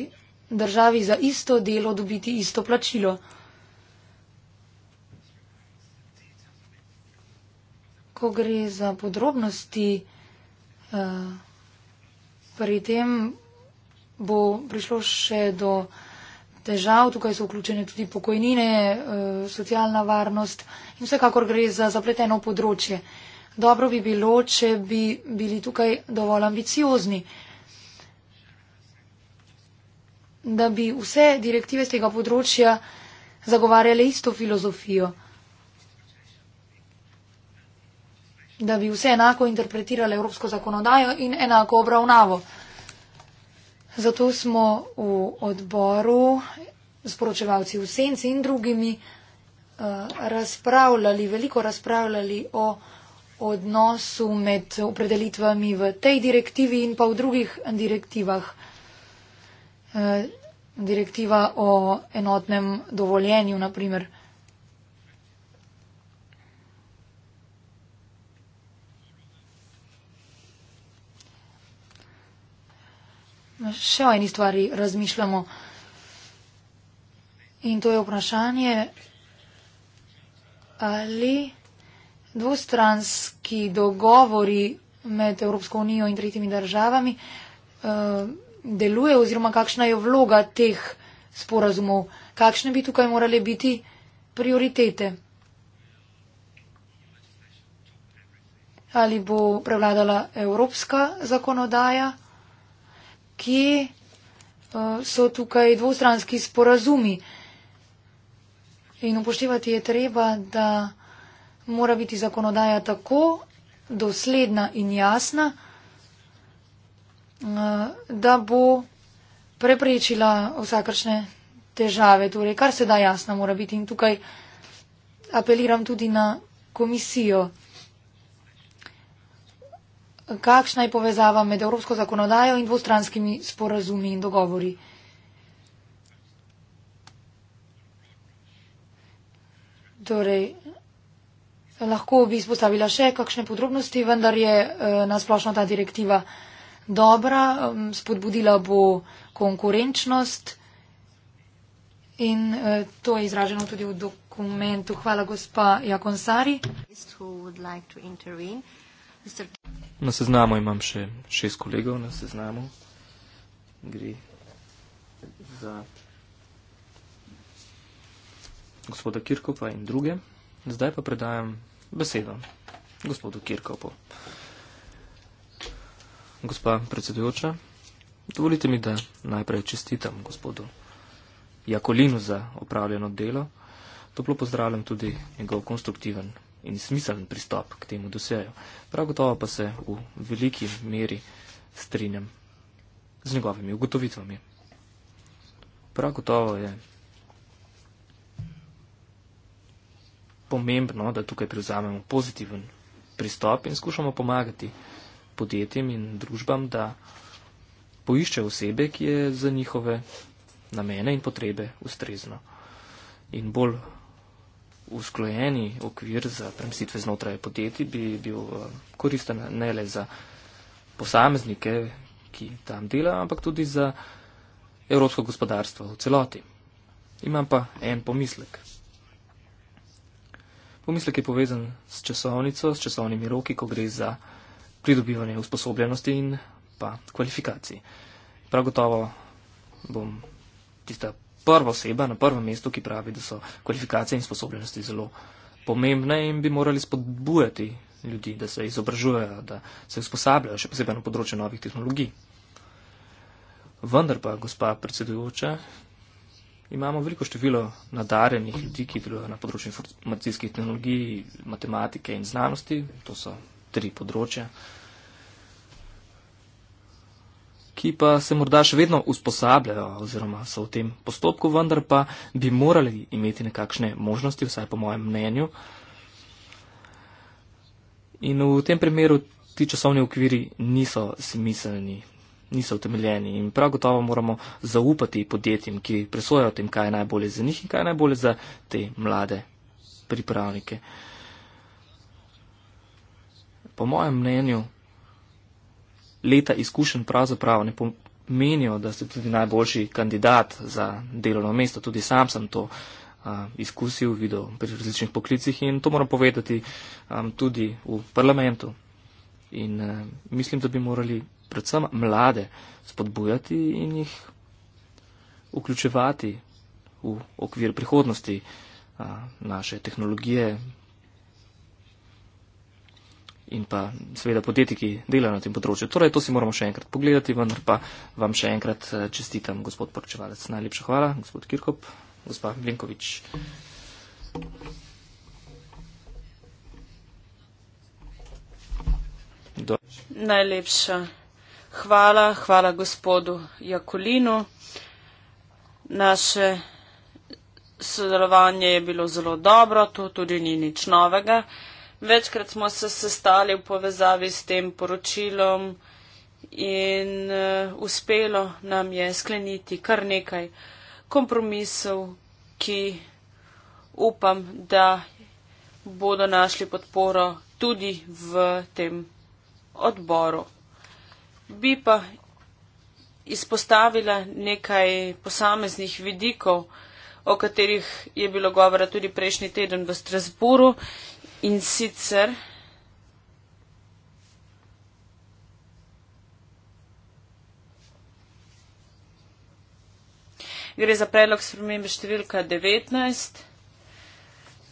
državi za isto delo dobiti isto plačilo. Ko gre za podrobnosti, uh, pri tem bo prišlo še do težav, tukaj so vključene tudi pokojnine, uh, socialna varnost in vsekakor gre za zapleteno področje. Dobro bi bilo, če bi bili tukaj dovolj ambiciozni, da bi vse direktive z tega področja zagovarjale isto filozofijo, da bi vse enako interpretirale evropsko zakonodajo in enako obravnavo. Zato smo v odboru s poročevalci v senci in drugimi eh, razpravljali, veliko razpravljali o odnosu med opredelitvami v tej direktivi in pa v drugih direktivah. Eh, direktiva o enotnem dovoljenju, naprimer. Še o eni stvari razmišljamo. In to je vprašanje, ali dvostranski dogovori med Evropsko unijo in tretjimi državami uh, deluje oziroma kakšna je vloga teh sporazumov, kakšne bi tukaj morale biti prioritete. Ali bo prevladala evropska zakonodaja, kje eh, so tukaj dvostranski sporazumi. In upoštevati je treba, da mora biti zakonodaja tako dosledna in jasna, Eh, da bo preprečila vsakršne težave. Torej, kar se da jasno mora biti in tukaj apeliram tudi na komisijo. Kakšna je povezava med evropsko zakonodajo in dvostranskimi sporazumi in dogovori? Torej, lahko bi izpostavila še kakšne podrobnosti, vendar je e, eh, nasplošno ta direktiva dobra, um, spodbudila bo konkurenčnost in uh, to je izraženo tudi v dokumentu. Hvala, gospa Jakonsari. Na seznamu imam še šest kolegov, na seznamu gre za gospoda Kirkova in druge. Zdaj pa predajam besedo gospodu Kirkovu. Gospa predsedujoča, dovolite mi, da najprej čestitam gospodu Jakolinu za opravljeno delo. Toplo pozdravljam tudi njegov konstruktiven in smiseln pristop k temu dosjeju. Prav gotovo pa se v veliki meri strinjam z njegovimi ugotovitvami. Prav gotovo je pomembno, da tukaj prevzamemo pozitiven pristop in skušamo pomagati podjetjem in družbam, da poiščejo osebe, ki je za njihove namene in potrebe ustrezno. In bolj usklojeni okvir za premestitve znotraj podjetij bi bil eh, koristen ne le za posameznike, ki tam delajo, ampak tudi za evropsko gospodarstvo v celoti. Imam pa en pomislek. Pomislek je povezan s časovnico, s časovnimi roki, ko gre za pridobivanje usposobljenosti in pa kvalifikacij. Prav gotovo bom tista prva oseba na prvem mestu, ki pravi, da so kvalifikacije in sposobljenosti zelo pomembne in bi morali spodbujati ljudi, da se izobražujejo, da se usposabljajo, še posebej na področju novih tehnologij. Vendar pa, gospa predsedujoča, imamo veliko število nadarenih ljudi, ki delujejo na področju informacijskih tehnologij, matematike in znanosti. To so tri področja, ki pa se morda še vedno usposabljajo oziroma so v tem postopku, vendar pa bi morali imeti nekakšne možnosti, vsaj po mojem mnenju. In v tem primeru ti časovni okviri niso smiselni, niso utemeljeni in prav gotovo moramo zaupati podjetjem, ki presojajo o tem, kaj je najbolje za njih in kaj je najbolje za te mlade pripravnike po mojem mnenju, leta izkušenj pravzaprav ne pomenijo, da ste tudi najboljši kandidat za delovno mesto. Tudi sam sem to uh, izkusil, videl pri različnih poklicih in to moram povedati um, tudi v parlamentu. In uh, mislim, da bi morali predvsem mlade spodbujati in jih vključevati v okvir prihodnosti uh, naše tehnologije, in pa seveda podjetji, ki delajo na tem področju. Torej, to si moramo še enkrat pogledati, vendar pa vam še enkrat eh, čestitam, gospod poročevalec. Najlepša hvala, gospod Kirkop, gospa Blinkovič. Do. Najlepša hvala, hvala gospodu Jakolinu. Naše sodelovanje je bilo zelo dobro, to tudi ni nič novega. Večkrat smo se sestali v povezavi s tem poročilom in uh, uspelo nam je skleniti kar nekaj kompromisov, ki upam, da bodo našli podporo tudi v tem odboru. Bi pa izpostavila nekaj posameznih vidikov, o katerih je bilo govora tudi prejšnji teden v Strasburu in sicer. Gre za predlog spremembe številka 19,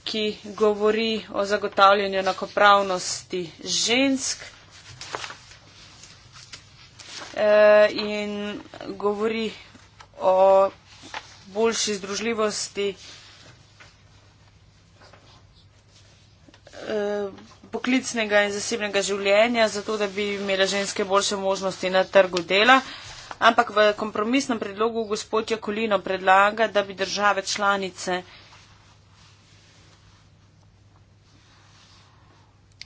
ki govori o zagotavljanju enakopravnosti žensk e, in govori o boljši združljivosti Eh, poklicnega in zasebnega življenja, zato da bi imele ženske boljše možnosti na trgu dela. Ampak v kompromisnem predlogu gospod Jakolino predlaga, da bi države članice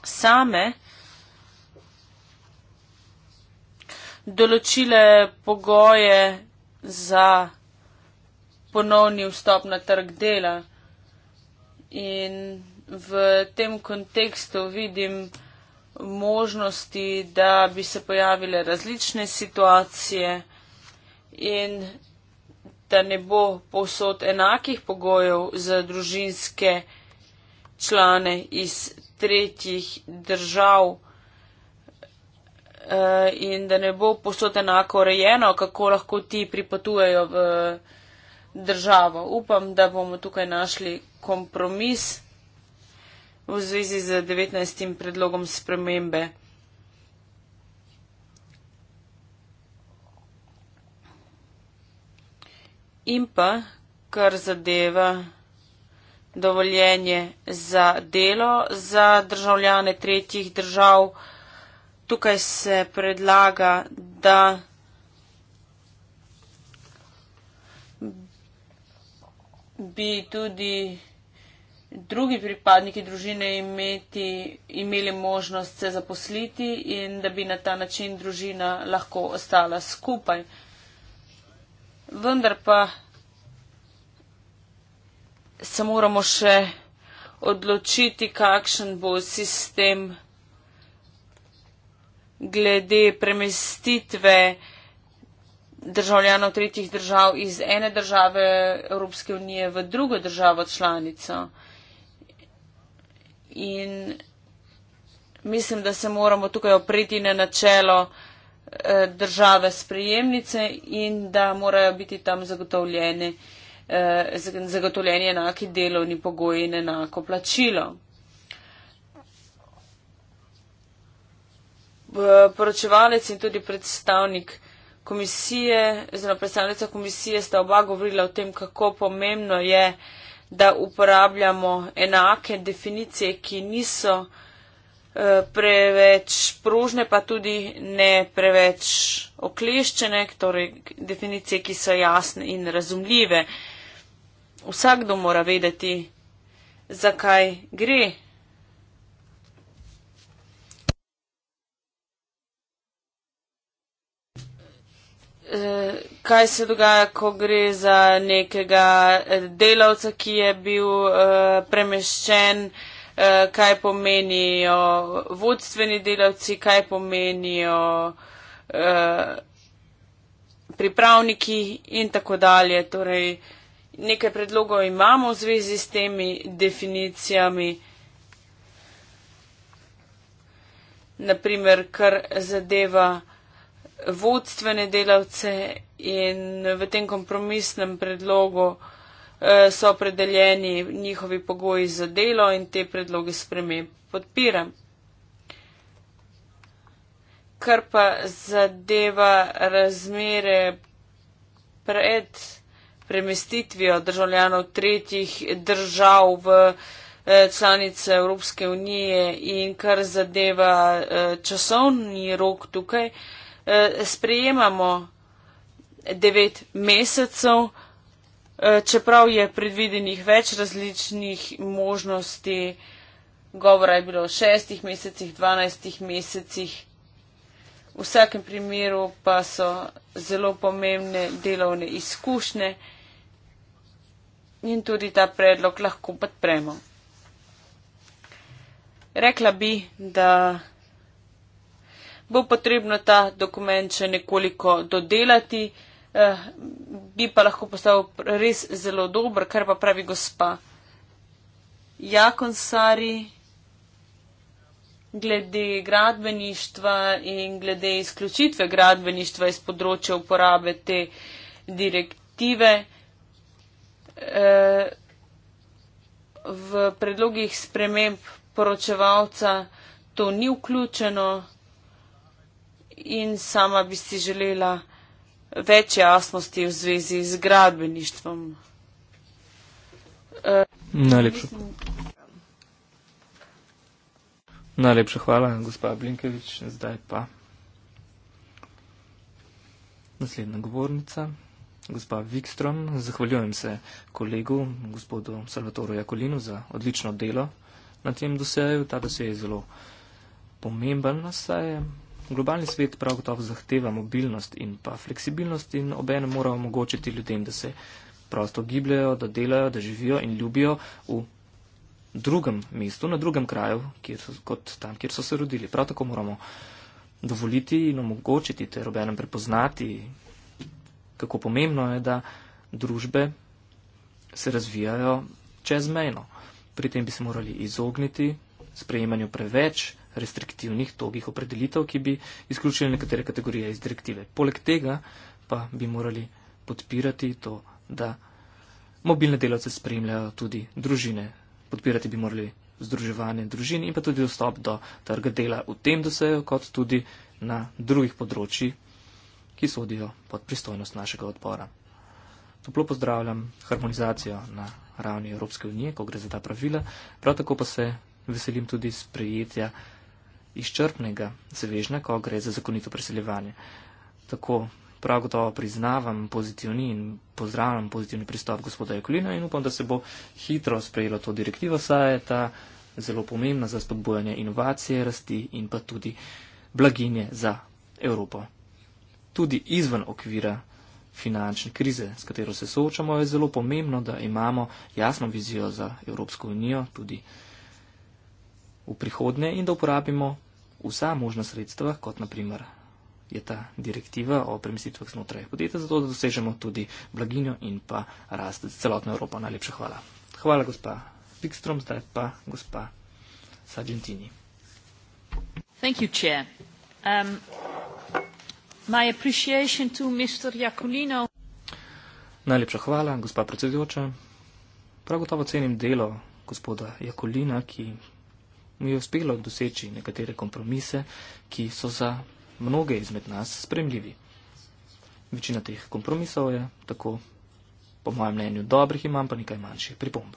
same določile pogoje za ponovni vstop na trg dela. In v tem kontekstu vidim možnosti, da bi se pojavile različne situacije in da ne bo povsod enakih pogojev za družinske člane iz tretjih držav eh, in da ne bo povsod enako rejeno, kako lahko ti pripotujejo v državo. Upam, da bomo tukaj našli kompromis v zvezi z 19. predlogom spremembe. In pa, kar zadeva dovoljenje za delo za državljane tretjih držav, tukaj se predlaga, da bi tudi drugi pripadniki družine imeti, imeli možnost se zaposliti in da bi na ta način družina lahko ostala skupaj. Vendar pa se moramo še odločiti, kakšen bo sistem glede premestitve državljanov tretjih držav iz ene države Evropske unije v drugo državo članico in mislim, da se moramo tukaj opreti na načelo eh, države sprejemnice in da morajo biti tam zagotovljeni, eh, zagotovljeni enaki delovni pogoji in enako plačilo. Poročevalec in tudi predstavnik komisije, zelo predstavnica komisije sta oba govorila o tem, kako pomembno je, da uporabljamo enake definicije, ki niso eh, preveč prožne, pa tudi ne preveč okleščene, torej definicije, ki so jasne in razumljive. Vsakdo mora vedeti, zakaj gre Eh, kaj se dogaja, ko gre za nekega eh, delavca, ki je bil eh, premeščen, kaj pomenijo vodstveni delavci, kaj pomenijo pripravniki in tako dalje. Torej, nekaj predlogov imamo v zvezi s temi definicijami. Naprimer, kar zadeva vodstvene delavce in v tem kompromisnem predlogu eh, so opredeljeni njihovi pogoji za delo in te predloge sprememb podpiram. Kar pa zadeva razmere pred premestitvijo državljanov tretjih držav v eh, članice Evropske unije in kar zadeva eh, časovni rok tukaj, Eh, sprejemamo devet mesecev, eh, čeprav je predvidenih več različnih možnosti. Govora je bilo o šestih mesecih, dvanajstih mesecih. V vsakem primeru pa so zelo pomembne delovne izkušnje in tudi ta predlog lahko podpremo. Rekla bi, da bo potrebno ta dokument še nekoliko dodelati, eh, bi pa lahko postal res zelo dober, kar pa pravi gospa Jakonsari glede gradbeništva in glede izključitve gradbeništva iz področja uporabe te direktive. Eh, v predlogih sprememb poročevalca to ni vključeno in sama bi si želela več jasnosti v zvezi z gradbeništvom. E, Najlepša. Najlepša hvala, gospa Blinkevič. Zdaj pa naslednja govornica, gospa Vikstrom. Zahvaljujem se kolegu, gospodu Salvatoru Jakolinu, za odlično delo na tem doseju. Ta dosej je zelo pomemben, nas je Globalni svet prav gotovo zahteva mobilnost in pa fleksibilnost in obenem mora omogočiti ljudem, da se prosto gibljajo, da delajo, da živijo in ljubijo v drugem mestu, na drugem kraju, kjer so, kot tam, kjer so se rodili. Prav tako moramo dovoliti in omogočiti ter obenem prepoznati, kako pomembno je, da družbe se razvijajo čezmejno. Pri tem bi se morali izogniti sprejemanju preveč restriktivnih, togih opredelitev, ki bi izključili nekatere kategorije iz direktive. Poleg tega pa bi morali podpirati to, da mobilne delavce spremljajo tudi družine. Podpirati bi morali združevanje družin in pa tudi dostop do trga dela v tem dosejo, kot tudi na drugih področji, ki sodijo pod pristojnost našega odbora. Toplo pozdravljam harmonizacijo na ravni Evropske unije, ko gre za ta pravila, prav tako pa se veselim tudi sprejetja izčrpnega zavežna, ko gre za zakonito preseljevanje. Tako prav gotovo priznavam pozitivni in pozdravljam pozitivni pristop gospoda Jakolina in upam, da se bo hitro sprejela to direktivo, saj je ta zelo pomembna za spodbojanje inovacije, rasti in pa tudi blaginje za Evropo. Tudi izven okvira finančne krize, s katero se soočamo, je zelo pomembno, da imamo jasno vizijo za Evropsko unijo, tudi Evropsko unijo v prihodnje in da uporabimo vsa možna sredstva, kot naprimer je ta direktiva o premestitvah znotraj podjetja, zato da dosežemo tudi blaginjo in pa rast celotne Evrope. Najlepša hvala. Hvala, gospa Pikstrom, zdaj pa gospa Sargentini. Thank you, Chair. Um, my appreciation to Mr. Jakulino. Najlepša hvala, gospa predsedujoča. Prav gotovo cenim delo gospoda Jakulina, ki mu je uspelo doseči nekatere kompromise, ki so za mnoge izmed nas spremljivi. Večina teh kompromisov je tako, po mojem mnenju, dobrih, imam pa nekaj manjših pripomb.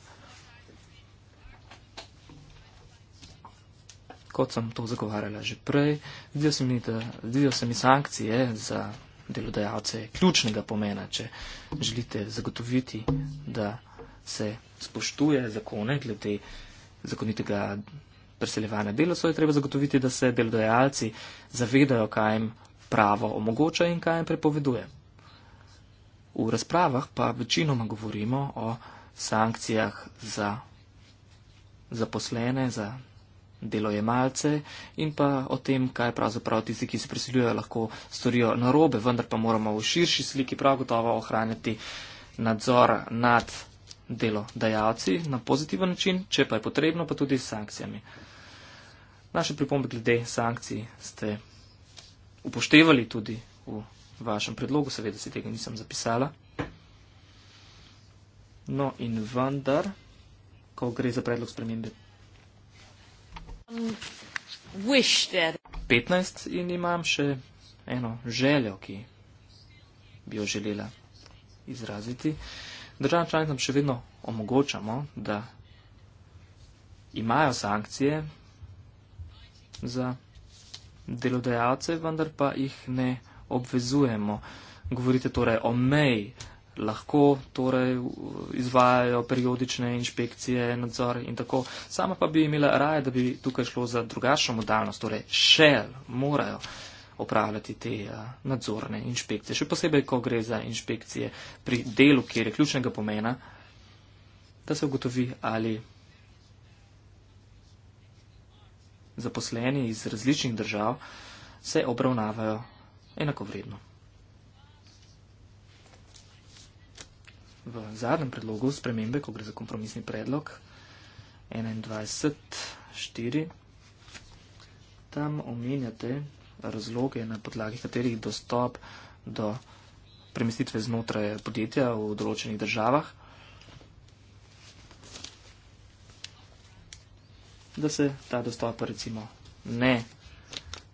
Kot sem to zagovarjala že prej, zdijo se mi, da, zdijo se mi sankcije za delodajalce ključnega pomena, če želite zagotoviti, da se spoštuje zakone glede zakonitega preseljevanja delavcev, je treba zagotoviti, da se delodajalci zavedajo, kaj jim pravo omogoča in kaj jim prepoveduje. V razpravah pa večinoma govorimo o sankcijah za zaposlene, za delojemalce in pa o tem, kaj pravzaprav tisti, ki se priseljujejo, lahko storijo narobe, vendar pa moramo v širši sliki prav gotovo ohranjati nadzor nad delodajalci na pozitiven način, če pa je potrebno, pa tudi s sankcijami. Naše pripombe glede sankcij ste upoštevali tudi v vašem predlogu, seveda si tega nisem zapisala. No in vendar, ko gre za predlog spremembe. 15 in imam še eno željo, ki bi jo želela izraziti. Državna članica še vedno omogočamo, da imajo sankcije za delodajalce, vendar pa jih ne obvezujemo. Govorite torej o meji, lahko torej izvajajo periodične inšpekcije, nadzor in tako. Sama pa bi imela raje, da bi tukaj šlo za drugačno modalnost, torej šel, morajo opravljati te eh, nadzorne inšpekcije. Še posebej, ko gre za inšpekcije pri delu, kjer je ključnega pomena, da se ugotovi ali. zaposleni iz različnih držav se obravnavajo enakovredno. V zadnjem predlogu spremembe, ko gre za kompromisni predlog 21.4, tam omenjate razloge, na podlagi katerih dostop do premestitve znotraj podjetja v določenih državah da se ta dostop recimo ne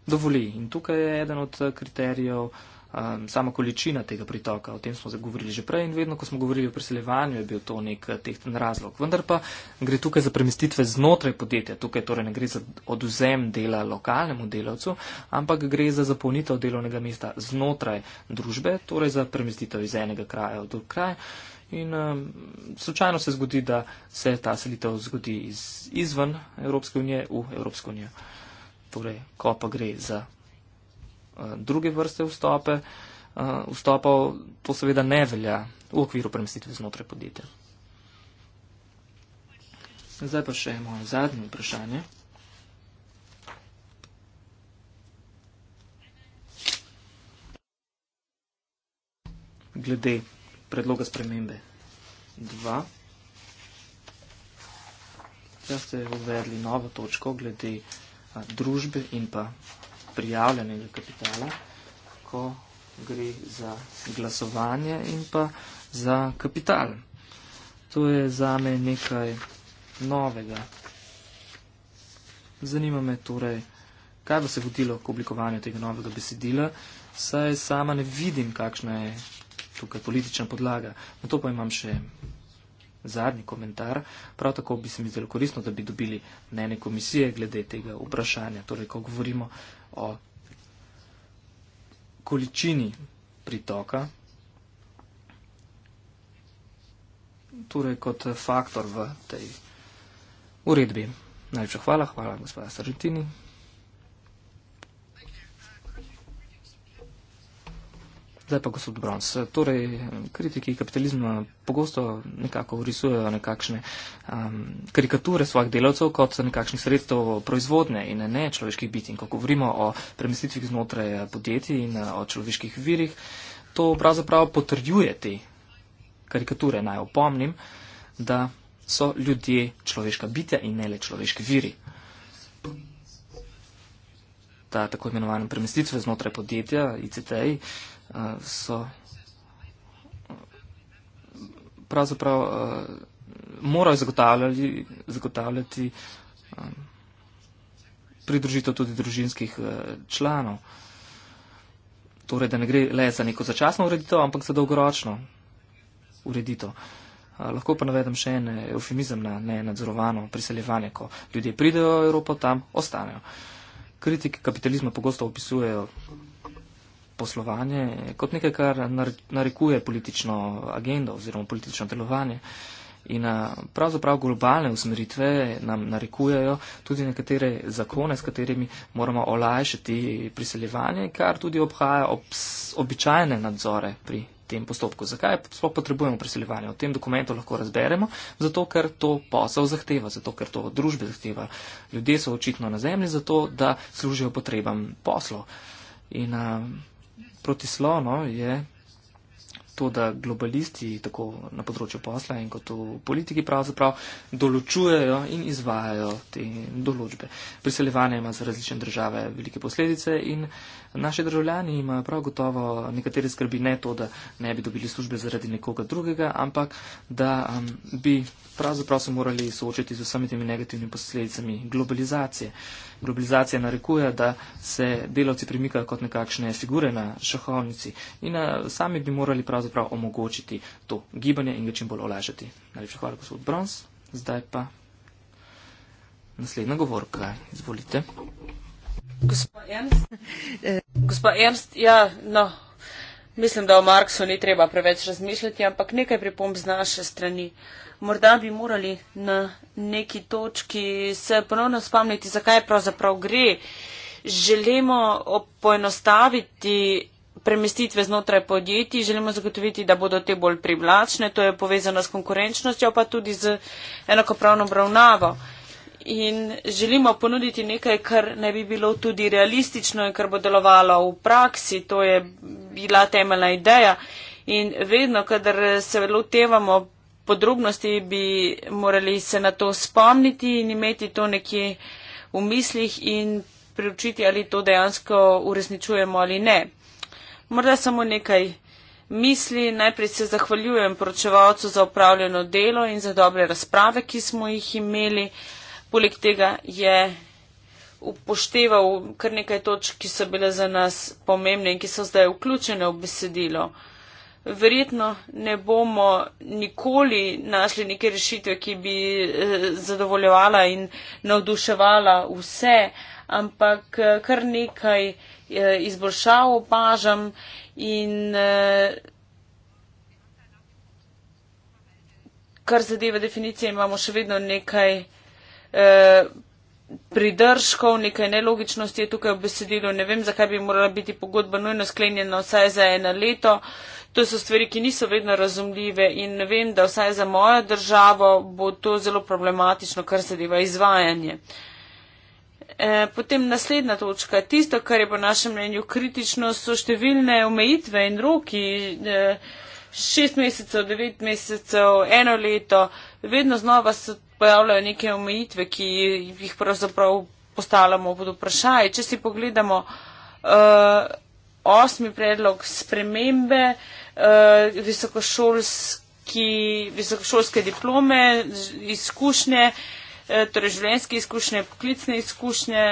dovoli. In tukaj je eden od kriterijev um, sama količina tega pritoka. O tem smo zagovorili že prej in vedno, ko smo govorili o preseljevanju, je bil to nek eh, tehten razlog. Vendar pa gre tukaj za premestitve znotraj podjetja. Tukaj torej ne gre za oduzem dela lokalnemu delavcu, ampak gre za zapolnitev delovnega mesta znotraj družbe, torej za premestitev iz enega kraja v drug kraj. In um, slučajno se zgodi, da se ta selitev zgodi iz, izven Evropske unije v Evropsko unijo. Torej, ko pa gre za uh, druge vrste vstope, uh, vstopov, to seveda ne velja v okviru premestitve znotraj podjetja. Zdaj pa še moje zadnje vprašanje. Glede predloga spremembe. Dva. Tja ste uvedli novo točko glede a, družbe in pa prijavljenega kapitala, ko gre za glasovanje in pa za kapital. To je za me nekaj novega. Zanima me torej, kaj bo se vodilo k oblikovanju tega novega besedila, saj sama ne vidim, kakšna je tukaj politična podlaga. Na to pa imam še zadnji komentar. Prav tako bi se mi zdelo korisno, da bi dobili mnenje komisije glede tega vprašanja. Torej, ko govorimo o količini pritoka, torej kot faktor v tej uredbi. Najlepša hvala, hvala gospoda Sržitini. zdaj pa gospod Brons. Torej, kritiki kapitalizma pogosto nekako vrisujejo nekakšne um, karikature svojih delavcev kot nekakšnih sredstev proizvodne in ne človeških biti. In ko govorimo o premestitvih znotraj eh, podjetij in eh, o človeških virih, to pravzaprav potrjuje te karikature, naj opomnim, da so ljudje človeška bitja in ne le človeški viri. Ta tako imenovana premestitve znotraj podjetja ICT-ji so pravzaprav eh, morajo zagotavljati, zagotavljati eh, pridružitev tudi družinskih eh, članov. Torej, da ne gre le za neko začasno ureditev, ampak za dolgoročno ureditev. Lahko pa navedem še en eufemizem na nenadzorovano priseljevanje, ko ljudje pridejo v Evropo, tam ostanejo. Kritiki kapitalizma pogosto opisujejo poslovanje kot nekaj, kar narekuje politično agendo oziroma politično delovanje. In pravzaprav globalne usmeritve nam narekujejo tudi nekatere zakone, s katerimi moramo olajšati priseljevanje, kar tudi obhaja običajne nadzore pri tem postopku. Zakaj sploh potrebujemo priseljevanje? V tem dokumentu lahko razberemo, zato ker to posel zahteva, zato ker to družbe zahteva. Ljudje so očitno na zemlji zato, da služijo potrebam poslov. In, uh, proti slono je to, da globalisti tako na področju posla in kot v politiki pravzaprav določujejo in izvajajo te določbe. Priseljevanje ima za različne države velike posledice in naši državljani imajo prav gotovo nekatere skrbi ne to, da ne bi dobili službe zaradi nekoga drugega, ampak da um, bi pravzaprav se morali soočiti z vsemi temi negativnimi posledicami globalizacije. Uh, globalizacija narekuje, da se delavci premikajo kot nekakšne figure na šahovnici in eh, sami bi morali pravzaprav omogočiti to gibanje in ga čim bolj olažati. Najlepša hvala, gospod Brons. Zdaj pa naslednja govorka. Izvolite. Gospod Ernst, eh, gospod Ernst ja, no. Mislim, da o Marksu ni treba preveč razmišljati, ampak nekaj pripomb z naše strani. Morda bi morali na neki točki se ponovno spomniti, zakaj pravzaprav gre. Želimo poenostaviti premestitve znotraj podjetij, želimo zagotoviti, da bodo te bolj privlačne, to je povezano s konkurenčnostjo, pa tudi z enakopravno obravnavo in želimo ponuditi nekaj, kar ne bi bilo tudi realistično in kar bo delovalo v praksi. To je bila temeljna ideja in vedno, kadar se lotevamo podrobnosti, bi morali se na to spomniti in imeti to nekje v mislih in preučiti, ali to dejansko uresničujemo ali ne. Morda samo nekaj. Misli, najprej se zahvaljujem poročevalcu za upravljeno delo in za dobre razprave, ki smo jih imeli. Poleg tega je upošteval kar nekaj točk, ki so bile za nas pomembne in ki so zdaj vključene v besedilo. Verjetno ne bomo nikoli našli neke rešitve, ki bi eh, zadovoljevala in navduševala vse, ampak eh, kar nekaj eh, izboljšav opažam in kar zadeva definicije imamo še vedno nekaj. Eh, pridržkov, nekaj nelogičnosti je tukaj v besedilu. Ne vem, zakaj bi morala biti pogodba nujno sklenjena vsaj za eno leto. To so stvari, ki niso vedno razumljive in vem, da vsaj za mojo državo bo to zelo problematično, kar zadeva izvajanje. Eh, potem naslednja točka. Tisto, kar je po našem mnenju kritično, so številne omejitve in roki. Eh, šest mesecev, devet mesecev, eno leto. Vedno znova so pojavljajo neke omejitve, ki jih pravzaprav postavljamo pod vprašaj. Če si pogledamo uh, osmi predlog spremembe uh, visokošolski, visokošolske diplome, izkušnje, uh, torej življenjske izkušnje, poklicne izkušnje.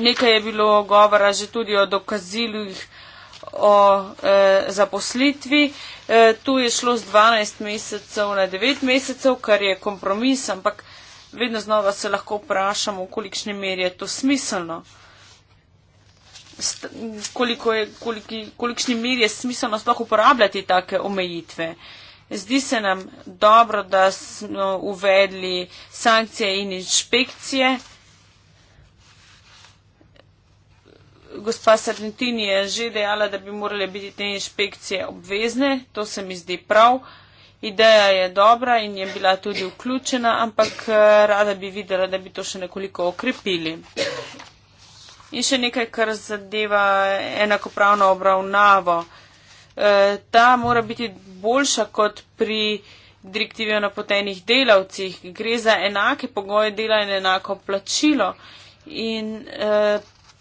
Nekaj je bilo govora že tudi o dokazilih o e, zaposlitvi. E, tu je šlo z 12 mesecev na 9 mesecev, kar je kompromis, ampak vedno znova se lahko vprašamo, v kolikšni meri je to smiselno. St koliko je, koliki, kolikšni meri je smiselno sploh uporabljati take omejitve. Zdi se nam dobro, da smo uvedli sankcije in inšpekcije. gospa Sarnitini je že dejala, da bi morale biti te inšpekcije obvezne, to se mi zdi prav. Ideja je dobra in je bila tudi vključena, ampak eh, rada bi videla, da bi to še nekoliko okrepili. In še nekaj, kar zadeva enakopravno obravnavo. Eh, ta mora biti boljša kot pri direktivi o napotenih delavcih. Gre za enake pogoje dela in enako plačilo. In eh,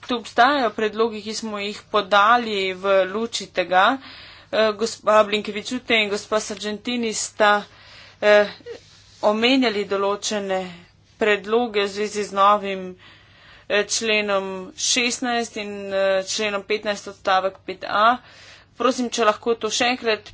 tu obstajajo predlogi, ki smo jih podali v luči tega. Eh, gospa Blinkevičute in gospa Sargentini sta eh, omenjali določene predloge v zvezi z novim eh, členom 16 in eh, členom 15 odstavek 5a. Prosim, če lahko to še enkrat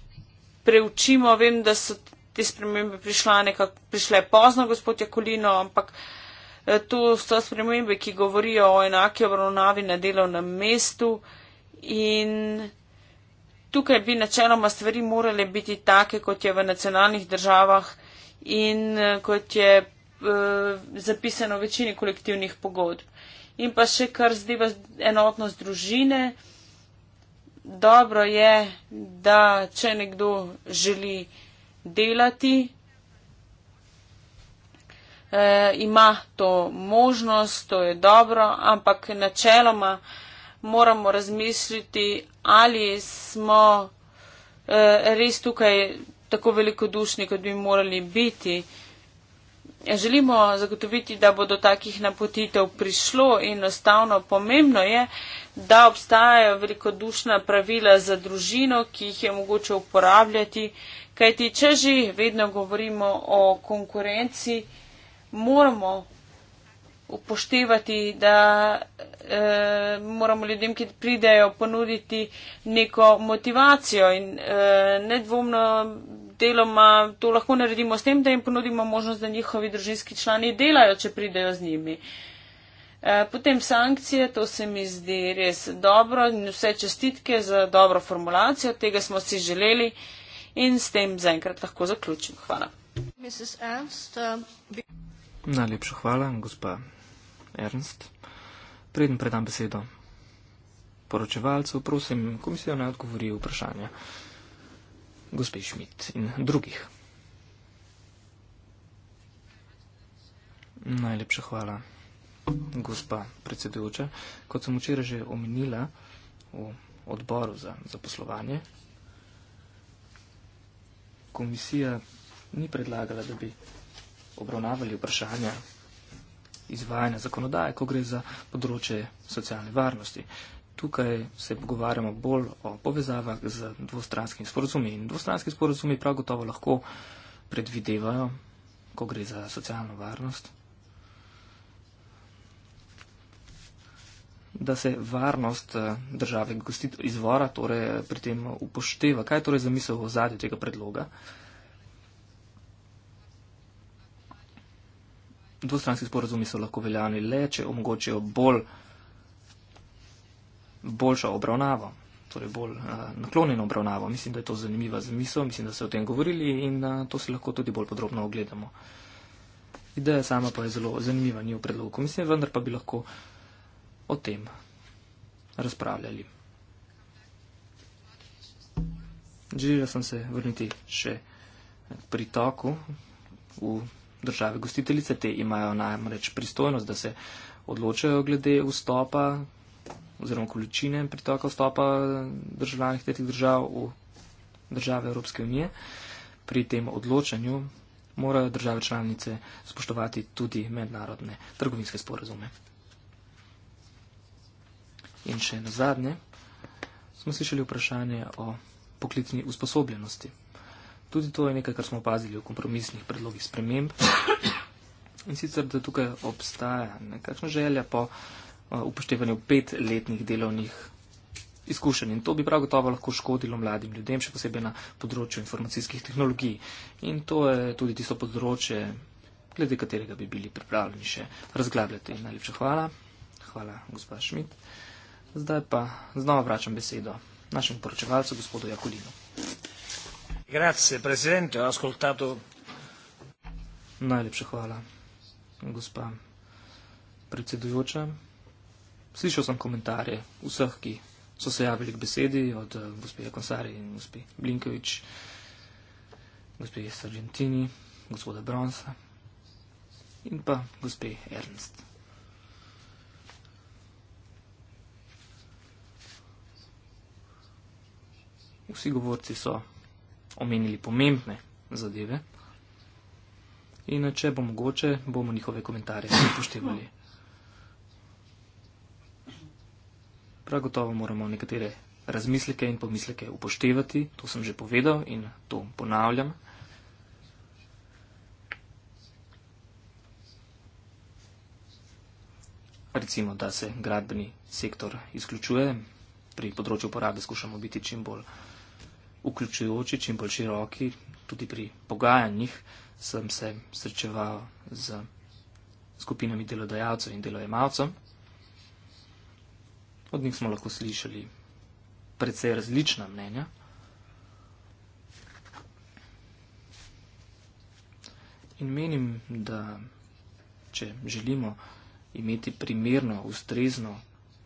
preučimo. Vem, da so te spremembe prišle, nekak, prišle pozno, gospod Jakolino, ampak. Eh, Eh, tu so spremembe, ki govorijo o enaki obravnavi na delovnem mestu in tukaj bi načeloma stvari morale biti take, kot je v nacionalnih državah in eh, kot je eh, zapisano v večini kolektivnih pogodb. In pa še kar zdiva enotnost družine. Dobro je, da če nekdo želi delati, eh, ima to možnost, to je dobro, ampak načeloma moramo razmisliti, ali smo eh, res tukaj tako velikodušni, kot bi morali biti. Želimo zagotoviti, da bo do takih napotitev prišlo in ostavno pomembno je, da obstajajo velikodušna pravila za družino, ki jih je mogoče uporabljati, kajti če že vedno govorimo o konkurenci, moramo upoštevati, da eh, moramo ljudem, ki pridejo, ponuditi neko motivacijo in eh, nedvomno deloma to lahko naredimo s tem, da jim ponudimo možnost, da njihovi družinski člani delajo, če pridejo z njimi. Eh, potem sankcije, to se mi zdi res dobro in vse čestitke za dobro formulacijo, tega smo si želeli in s tem zaenkrat lahko zaključim. Hvala. Mrs. Ernst, uh... Najlepša hvala, gospa Ernst. Preden predam besedo poročevalcu, prosim, komisijo naj odgovori vprašanja gospe Šmit in drugih. Najlepša hvala, gospa predsedujoča. Kot sem včeraj že omenila v odboru za zaposlovanje, komisija ni predlagala, da bi obravnavali vprašanja izvajanja zakonodaje, ko gre za področje socialne varnosti. Tukaj se pogovarjamo bolj o povezavah z dvostranskimi sporozumi in dvostranski sporozumi prav gotovo lahko predvidevajo, ko gre za socialno varnost, da se varnost eh, države gostit, izvora torej pri tem upošteva. Kaj je torej zamisel v zadju tega predloga? Uh, dvostranski sporozumi so lahko veljavni le, če omogočijo bolj, boljšo obravnavo, torej bolj uh, naklonjeno obravnavo. Mislim, da je to zanimiva zamisel, mislim, da ste o tem govorili in uh, to si lahko tudi bolj podrobno ogledamo. Ideja sama pa je zelo zanimiva, ni v predlogu komisije, vendar pa bi lahko o tem razpravljali. Želela sem se vrniti še pri toku v države gostiteljice, te imajo namreč pristojnost, da se odločajo glede vstopa oziroma količine pritoka vstopa državljanih tretjih držav v države Evropske unije. Pri tem odločanju morajo države članice spoštovati tudi mednarodne trgovinske sporazume. In še na zadnje smo slišali vprašanje o poklicni usposobljenosti. Tudi to je nekaj, kar smo opazili v kompromisnih predlogih sprememb. In sicer, da tukaj obstaja nekakšna želja po eh, upoštevanju petletnih delovnih izkušenj. In to bi prav gotovo lahko škodilo mladim ljudem, še posebej na področju informacijskih tehnologij. In to je tudi tisto področje, glede katerega bi bili pripravljeni še razglabljati. Najlepša hvala. Hvala, gospod Šmit. Zdaj pa znova vračam besedo našemu poročevalcu, gospodu Jakolinu. Grazie, Presidente. Ho ascoltato. Najlepša hvala, gospa predsedujoča. Slišal sem komentarje vseh, ki so se javili k besedi, od eh, gospe Konsari in gospe Blinkovič, gospe Sargentini, gospoda Bronsa in pa gospe Ernst. Vsi govorci so omenili pomembne zadeve. In če bo mogoče, bomo njihove komentarje upoštevali. Prav gotovo moramo nekatere razmisleke in pomisleke upoštevati, to sem že povedal in to ponavljam. Recimo, da se gradbeni sektor izključuje, pri področju porabe skušamo biti čim bolj vključujoči, čim bolj široki, tudi pri pogajanjih sem se srečeval z skupinami delodajalcev in delojemalcev. Od njih smo lahko slišali precej različna mnenja. In menim, da če želimo imeti primerno, ustrezno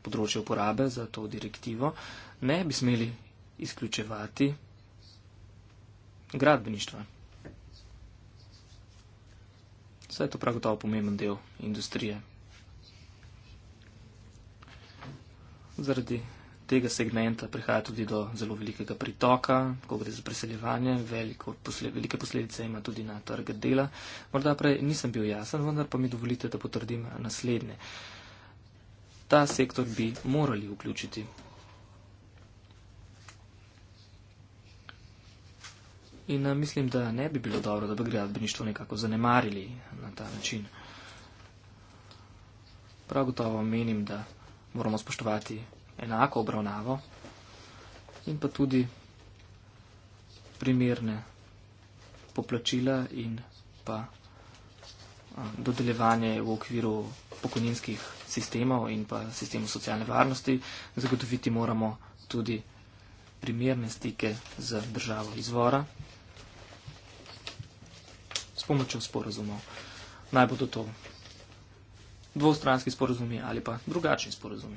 področje uporabe za to direktivo, ne bi smeli izključevati gradbeništva. Saj je to prav gotovo pomemben del industrije. Zaradi tega segmenta prihaja tudi do zelo velikega pritoka, ko gre za preseljevanje, veliko, posle, velike posledice ima tudi na trge dela. Morda prej nisem bil jasen, vendar pa mi dovolite, da potrdim naslednje. Ta sektor bi morali vključiti In a, eh, mislim, da ne bi bilo dobro, da bi gradbeništvo nekako zanemarili na ta način. Prav gotovo menim, da moramo spoštovati enako obravnavo in pa tudi primerne poplačila in pa a, eh, dodeljevanje v okviru pokojninskih sistemov in pa sistemu socialne varnosti. Zagotoviti moramo tudi primerne stike z državo izvora pomočjo sporazumov. Naj bodo to dvostranski sporazumi ali pa drugačni sporazumi.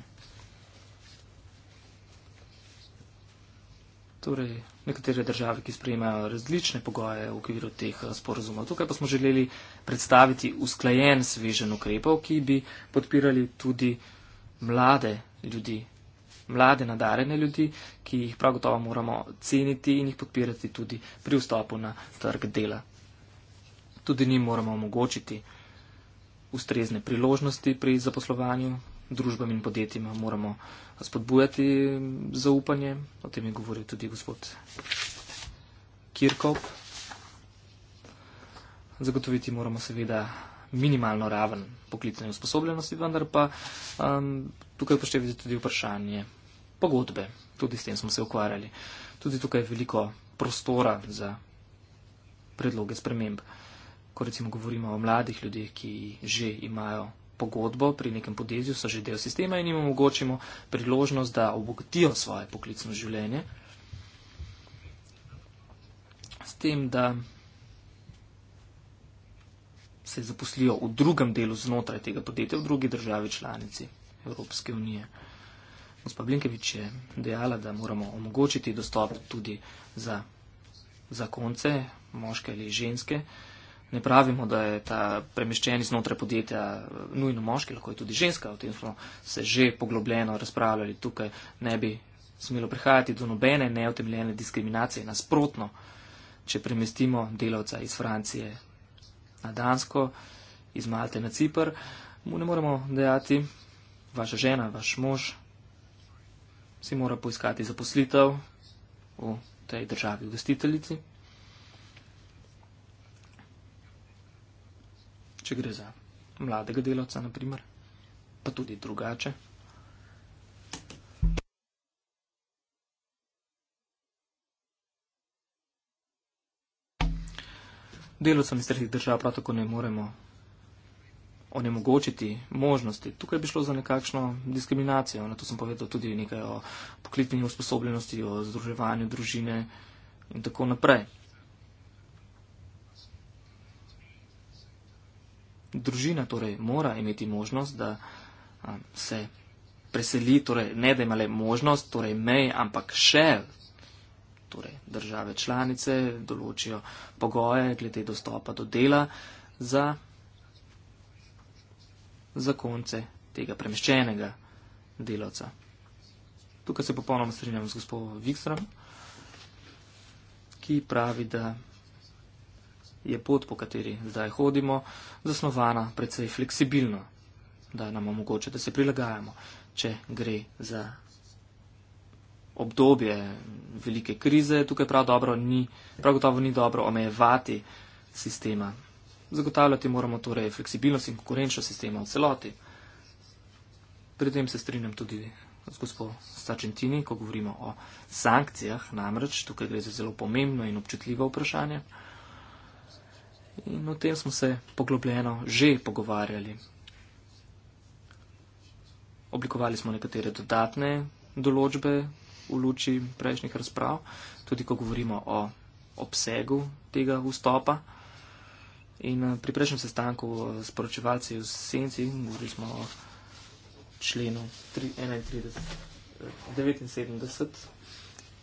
Torej, nekatere države, ki sprejemajo različne pogoje v okviru teh eh, sporozumov. Tukaj pa smo želeli predstaviti usklajen svežen ukrepov, ki bi podpirali tudi mlade ljudi, mlade nadarene ljudi, ki jih prav gotovo moramo ceniti in jih podpirati tudi pri vstopu na trg dela. Tudi njim moramo omogočiti ustrezne priložnosti pri zaposlovanju, družbam in podjetjima moramo spodbujati zaupanje, o tem je govoril tudi gospod Kirkov. Zagotoviti moramo seveda minimalno raven poklicne usposobljenosti, vendar pa um, tukaj upoštevati tudi vprašanje pogodbe. Tudi s tem smo se ukvarjali. Tudi tukaj je veliko prostora za predloge sprememb ko recimo govorimo o mladih ljudeh, ki že imajo pogodbo pri nekem podjetju, so že del sistema in jim omogočimo priložnost, da obogatijo svoje poklicno življenje. S tem, da se zaposlijo v drugem delu znotraj tega podjetja, v drugi državi članici Evropske unije. Gospa Blinkevič je dejala, da moramo omogočiti dostop tudi za zakonce, moške ali ženske, uh, Ne pravimo, da je ta premeščeni znotraj podjetja eh, nujno moški, lahko je tudi ženska, o tem smo se že poglobljeno razpravljali tukaj, ne bi smelo prihajati do nobene neotemljene diskriminacije. Nasprotno, če premestimo delavca iz Francije na Dansko, iz Malte na Cipr, mu ne moremo dejati, vaša žena, vaš mož si mora poiskati zaposlitev v tej državi, v gostiteljici. če gre za mladega delavca, naprimer, pa tudi drugače. Delovcem iz tretjih držav prav tako ne moremo onemogočiti možnosti. Tukaj bi šlo za nekakšno diskriminacijo. Na to sem povedal tudi nekaj o poklitni usposobljenosti, o združevanju družine in tako naprej. Družina torej mora imeti možnost, da se preseli, torej ne da ima le možnost, torej mej, ampak še, torej države članice določijo pogoje glede dostopa do dela za zakonce tega premeščenega delavca. Tukaj se popolnoma strinjam z gospodom Vikstrom, ki pravi, da je pot, po kateri zdaj hodimo, zasnovana precej fleksibilno, da nam omogoča, da se prilagajamo, če gre za obdobje velike krize. Tukaj prav, dobro ni, prav gotovo ni dobro omejevati sistema. Zagotavljati moramo torej fleksibilnost in konkurenčnost sistema v celoti. Pri tem se strinjam tudi z gospodom Stačentini, ko govorimo o sankcijah, namreč tukaj gre za zelo pomembno in občutljivo vprašanje. In o tem smo se poglobljeno že pogovarjali. Oblikovali smo nekatere dodatne določbe v luči prejšnjih razprav, tudi ko govorimo o obsegu tega vstopa. In eh, pri prejšnjem sestanku eh, s poročevalci v senci, govorili smo o členu 39, eh,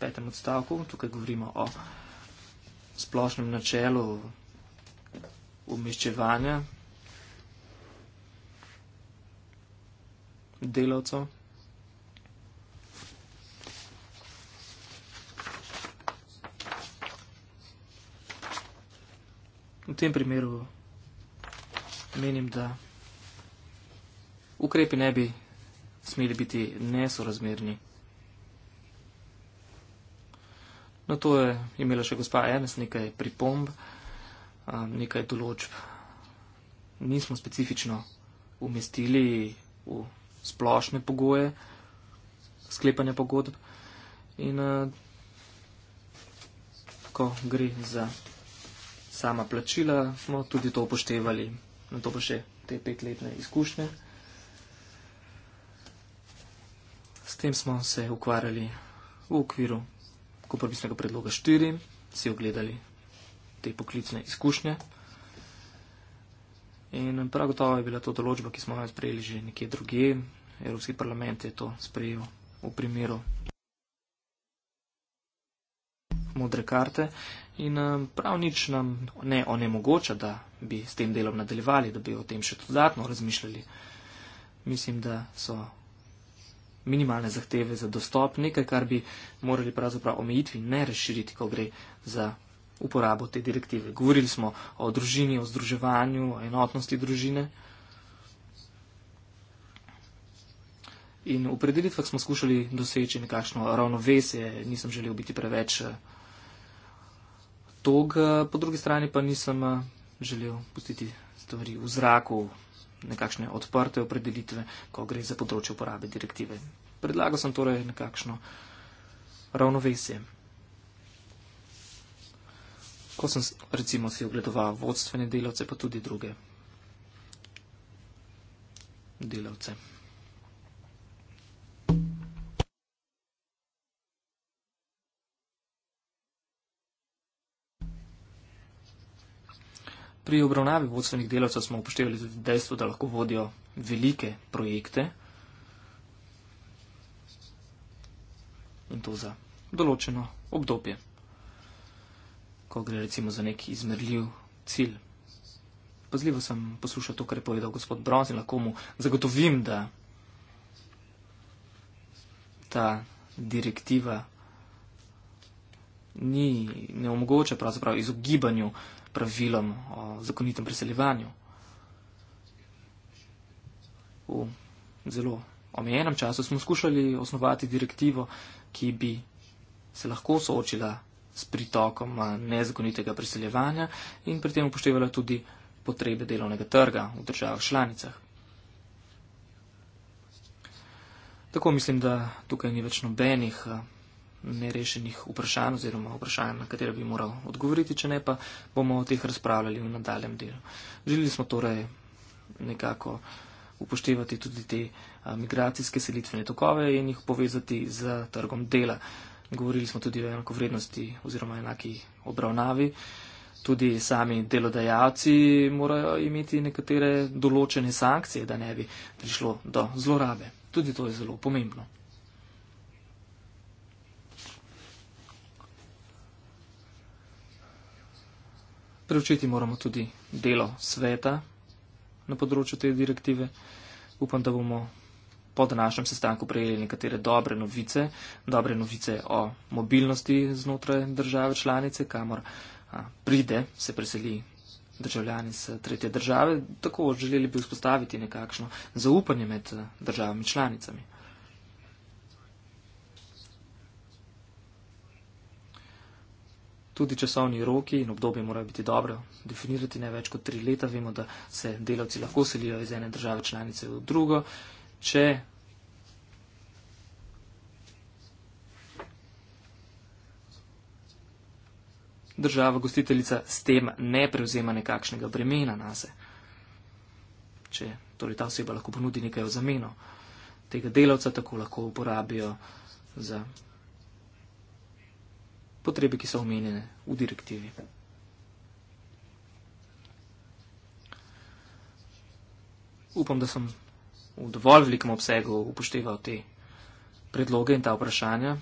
petem odstavku, tukaj govorimo o splošnem načelu umeščevanja delavcev. V tem primeru menim, da ukrepi ne bi smeli biti nesorazmerni. Na to je imela še gospa Ernest nekaj pripomb um, nekaj določb nismo specifično umestili v splošne pogoje sklepanja pogodb. In uh, ko gre za sama plačila, smo tudi to upoštevali. Na to pa še te petletne izkušnje. S tem smo se ukvarjali v okviru kupovisnega predloga 4, si ogledali te poklicne izkušnje. In prav gotovo je bila to določba, ki smo jo sprejeli že nekje druge. Evropski parlament je to sprejel v primeru modre karte in eh, prav nič nam ne onemogoča, da bi s tem delom nadaljevali, da bi o tem še dodatno razmišljali. Mislim, da so minimalne zahteve za dostop nekaj, kar bi morali pravzaprav omejitvi ne razširiti, ko gre za uporabo te direktive. Govorili smo o družini, o združevanju, o enotnosti družine. In v predelitvah smo skušali doseči nekakšno ravnovesje, nisem želel biti preveč eh, tog, eh, po drugi strani pa nisem eh, želel pustiti stvari v zraku, nekakšne odprte opredelitve, ko gre za področje uporabe direktive. Predlagal sem torej nekakšno ravnovesje ko sem recimo si ogledoval vodstvene delavce, pa tudi druge delavce. Pri obravnavi vodstvenih delavcev smo upoštevali tudi dejstvo, da lahko vodijo velike projekte in to za določeno obdobje ko gre recimo za nek izmerljiv cilj. Pazljivo sem poslušal to, kar je povedal gospod Bronz in lahko mu zagotovim, da ta direktiva ni, ne omogoča pravzaprav izogibanju pravilom o zakonitem preseljevanju. V zelo omejenem času smo skušali osnovati direktivo, ki bi se lahko soočila s pritokom nezakonitega priseljevanja in pri tem upoštevala tudi potrebe delovnega trga v državah članicah. Tako mislim, da tukaj ni več nobenih eh, nerešenih vprašanj oziroma vprašanj, na katera bi moral odgovoriti, če ne pa bomo o teh razpravljali v nadaljem delu. Želeli smo torej nekako upoštevati tudi te eh, migracijske selitvene tokove in jih povezati z trgom dela govorili smo tudi o enakovrednosti oziroma enaki obravnavi. Tudi sami delodajalci morajo imeti nekatere določene sankcije, da ne bi prišlo do zlorabe. Tudi to je zelo pomembno. Preučiti moramo tudi delo sveta na področju te direktive. Upam, da bomo po današnjem sestanku prejeli nekatere dobre novice, dobre novice o mobilnosti znotraj države članice, kamor a, pride, se preseli državljan iz tretje države. Tako želeli bi vzpostaviti nekakšno zaupanje med državami članicami. Tudi časovni roki in obdobje morajo biti dobro definirati, ne več kot tri leta. Vemo, da se delavci lahko selijo iz ene države članice v drugo če država gostiteljica s tem ne prevzema nekakšnega bremena na se, če torej ta oseba lahko ponudi nekaj v zameno, tega delavca tako lahko uporabijo za potrebe, ki so omenjene v direktivi. Upam, da sem v dovolj velikem obsegu upošteval te predloge in ta vprašanja.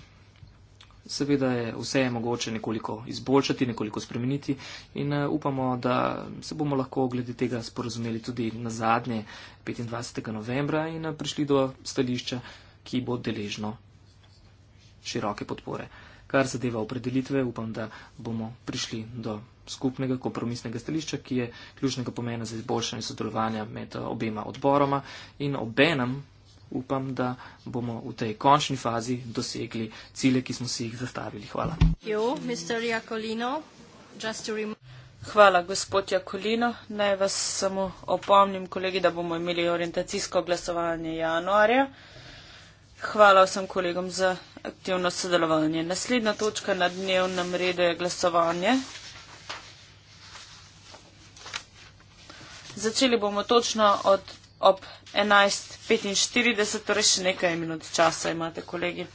Seveda je vse je mogoče nekoliko izboljšati, nekoliko spremeniti in eh, upamo, da se bomo lahko glede tega sporozumeli tudi na zadnje 25. novembra in eh, prišli do stališča, ki bo deležno široke podpore kar zadeva opredelitve, upam, da bomo prišli do skupnega kompromisnega stališča, ki je ključnega pomena za izboljšanje sodelovanja med eh, obema odboroma in obenem upam, da bomo v tej končni fazi dosegli cilje, ki smo si jih zastavili. Hvala. You, Hvala, gospod Jakolino. Naj vas samo opomnim, kolegi, da bomo imeli orientacijsko glasovanje januarja. Hvala vsem kolegom za aktivno sodelovanje. Naslednja točka na dnevnem redu je glasovanje. Začeli bomo točno od, ob 11.45, torej še nekaj minut časa imate, kolegi.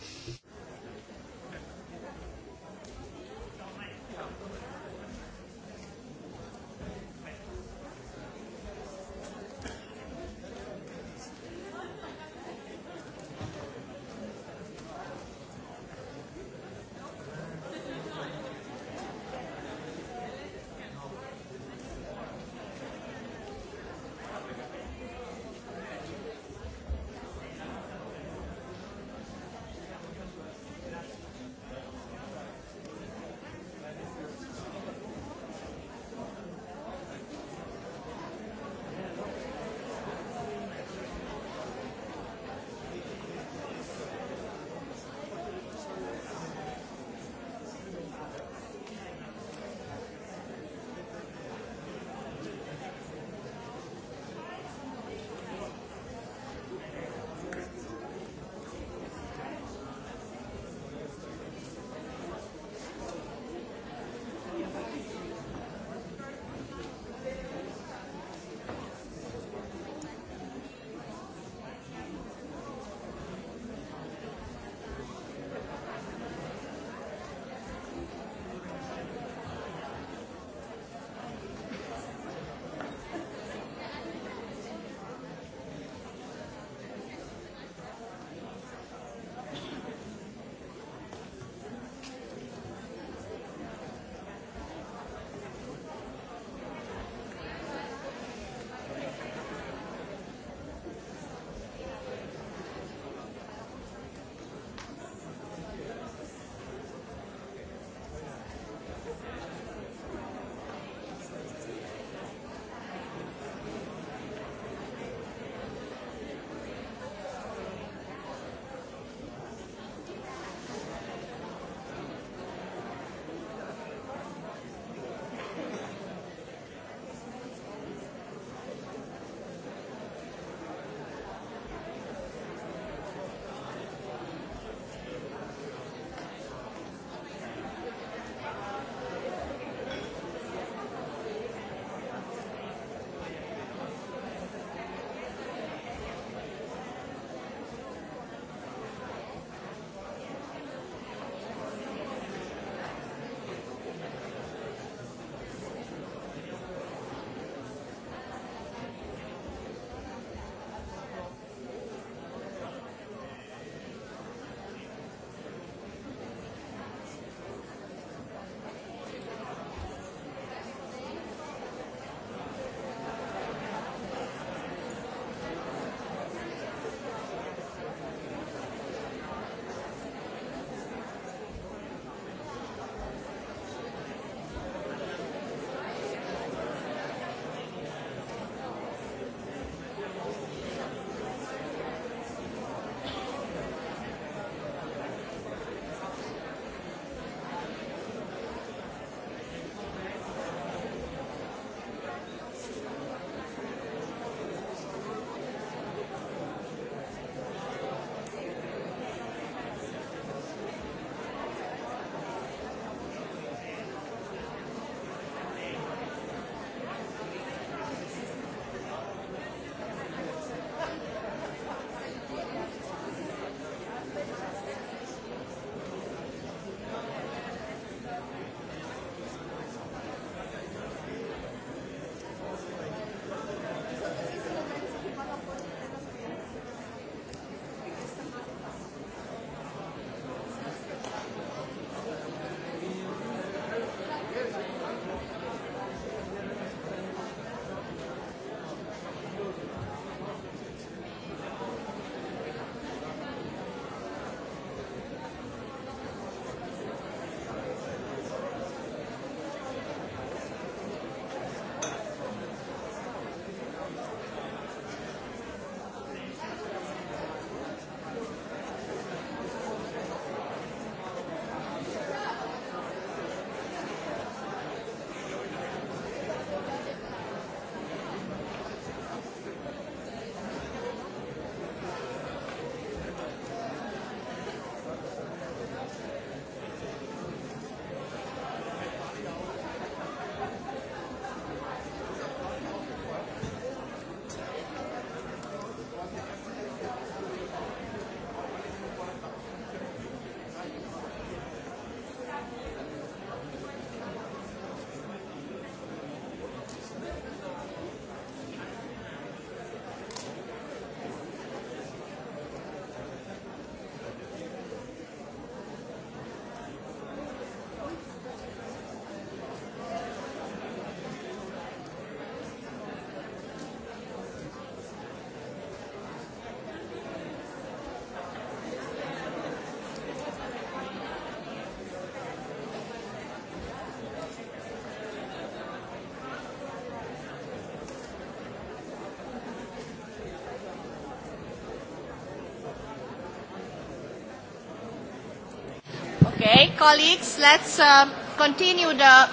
Okay, colleagues, let's um, continue the,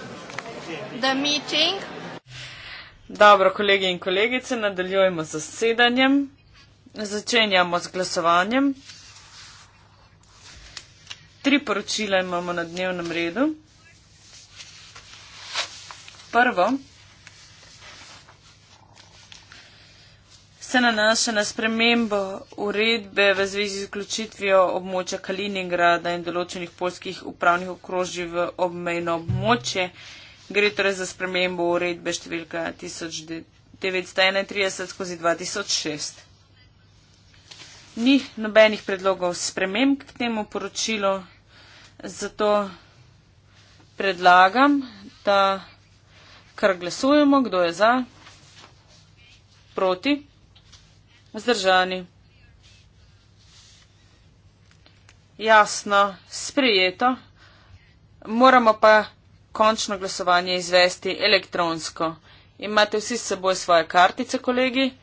the meeting. Dobro, kolegi in kolegice, nadaljujemo z zasedanjem. Začenjamo z glasovanjem. Tri poročila imamo na dnevnem redu. Prvo, se nanaša na spremembo uredbe v zvezi z vključitvijo območja Kaliningrada in določenih polskih upravnih okrožij v obmejno območje. Gre torej za spremembo uredbe številka 1931 skozi 2006. Ni nobenih predlogov sprememb k temu poročilu, zato predlagam, da kar glasujemo, kdo je za, proti. Vzdržani. Jasno, sprijeto. Moramo pa končno glasovanje izvesti elektronsko. Imate vsi s seboj svoje kartice, kolegi?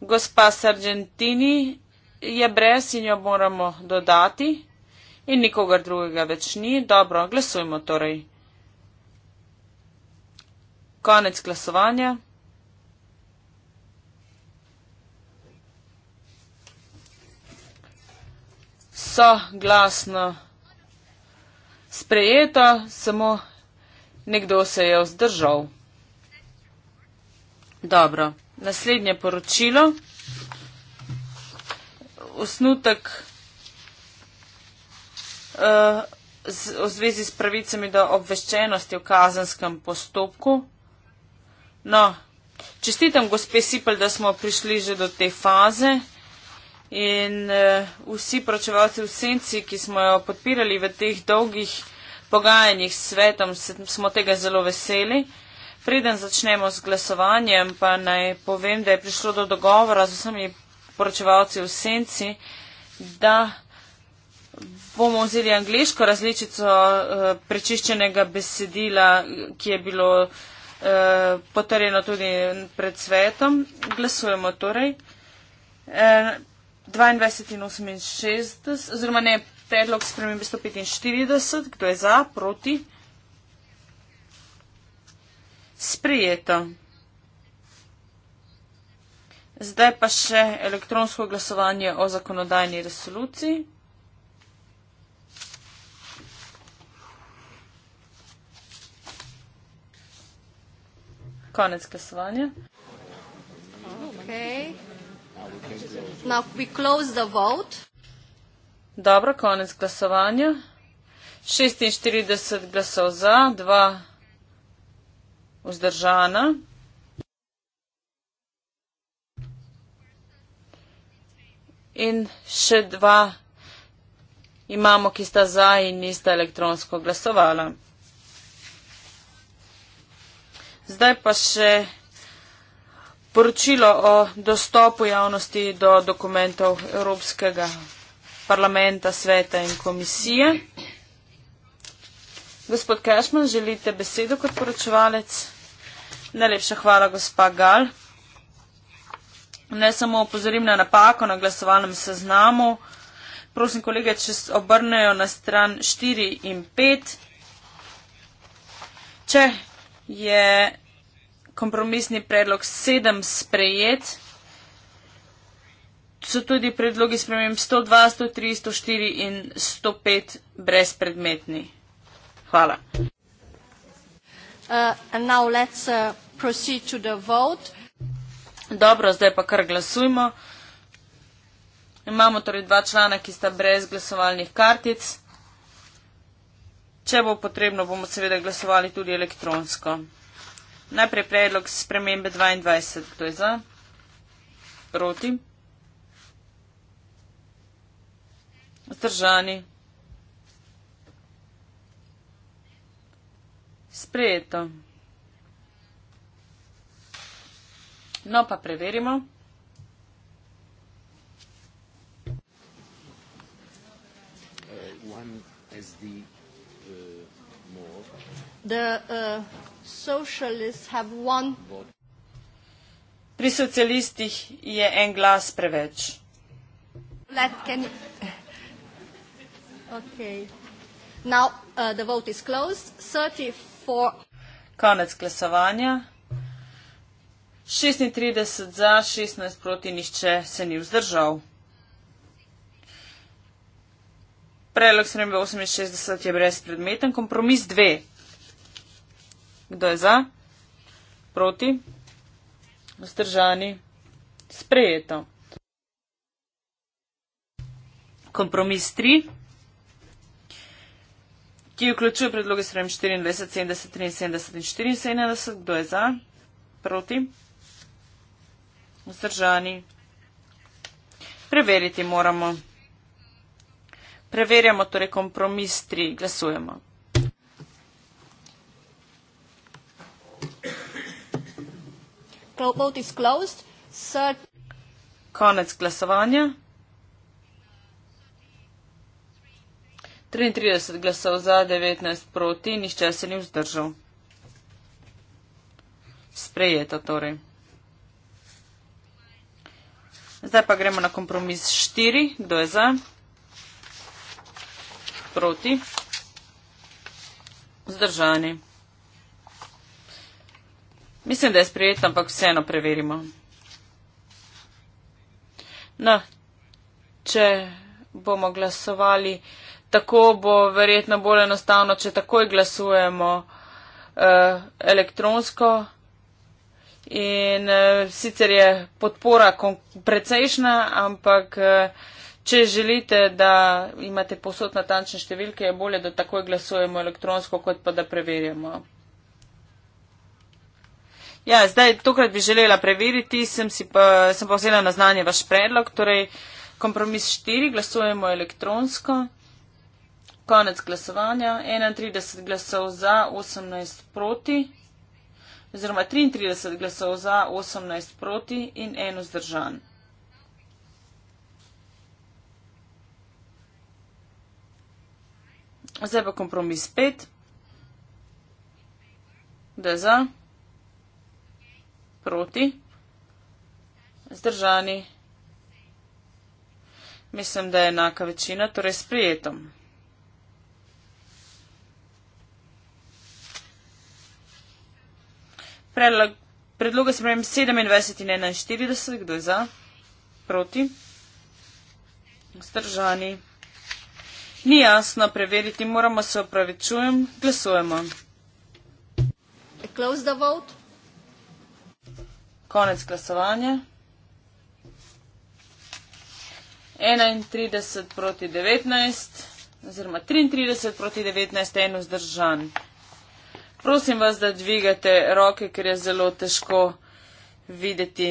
Gospa Sargentini je brez in jo moramo dodati. In nikogar drugega več ni. Dobro, glasujmo torej. Konec glasovanja. so glasno sprejeta, samo nekdo se je vzdržal. Dobro, naslednje poročilo. Osnutek eh, v uh, zvezi s pravicami do obveščenosti v kazenskem postopku. No, čestitam gospe Sipel, da smo prišli že do te faze in uh, vsi pročevalci v senci, ki smo jo podpirali v teh dolgih pogajanjih s svetom, smo tega zelo veseli. Preden začnemo z glasovanjem, pa naj povem, da je prišlo do dogovora z vsemi poročevalci v senci, da bomo vzeli angliško različico eh, prečiščenega besedila, ki je bilo eh, potrjeno tudi pred svetom. Glasujemo torej. 22 in 68, oziroma ne, predlog spremembe 145, kdo je za, proti? Sprijeto. Zdaj pa še elektronsko glasovanje o zakonodajni resoluciji. Konec glasovanja. Okay. Now we close the vote. Dobro, konec glasovanja. 46 glasov za, 2 vzdržana. In še dva imamo, ki sta za in nista elektronsko glasovala. Zdaj pa še poročilo o dostopu javnosti do dokumentov Evropskega parlamenta, sveta in komisije. Gospod Kešman, želite besedo kot poročevalec? Najlepša hvala, gospa Gal. Ne samo opozorim na napako na glasovalnem seznamu. Prosim, kolege, če obrnejo na stran 4 in 5. Če je kompromisni predlog sedem sprejet. So tudi predlogi spremem 102, 103, 104 in 105 brezpredmetni. Hvala. Uh, uh, Dobro, zdaj pa kar glasujmo. Imamo torej dva člana, ki sta brez glasovalnih kartic. Če bo potrebno, bomo seveda glasovali tudi elektronsko. Najprej predlog spremembe 22. Kdo je za? Proti? Zdržani? Sprejeto. No pa preverimo. Uh, one SD, uh, more. The, uh, Pri socialistih je en glas preveč. Let, can... okay. Now, uh, the vote is 34... Konec glasovanja. 36 za, 16 proti, nišče se ni vzdržal. Predlog 68 je brezpredmeten, kompromis 2. Kdo je za? Proti? Vzdržani? Sprejeto. Kompromis 3, ki vključuje predloge s rojem 24, 70, 73 in 74. Kdo je za? Proti? Vzdržani? Preveriti moramo. Preverjamo torej kompromis 3. Glasujemo. vote is closed. Third... Konec glasovanja. 33 glasov za, 19 proti, nišče se ni vzdržal. Sprejeto torej. Zdaj pa gremo na kompromis 4. Kdo je za? Proti. Zdržani. Mislim, da je sprejet, ampak vseeno preverimo. No, če bomo glasovali, tako bo verjetno bolj enostavno, če takoj glasujemo uh, elektronsko. In uh, sicer je podpora precejšna, ampak uh, če želite, da imate posod natančne številke, je bolje, da takoj glasujemo elektronsko, kot pa da preverjamo. Ja, zdaj tokrat bi želela preveriti, sem, pa, sem pa vzela na znanje vaš predlog, torej kompromis 4, glasujemo elektronsko. Konec glasovanja, 31 glasov za, 18 proti, oziroma 33 glasov za, 18 proti in eno zdržan. Zdaj pa kompromis 5. Da je za proti, zdržani. Mislim, da je enaka večina, torej s prijetom. Predlog, predloga se pravim 27 in 41, kdo je za, proti, zdržani. Ni jasno, preveriti moramo, se opravičujem, glasujemo. Close the vote. Konec glasovanja. 31 proti 19, oziroma 33 proti 19, en vzdržan. Prosim vas, da dvigate roke, ker je zelo težko videti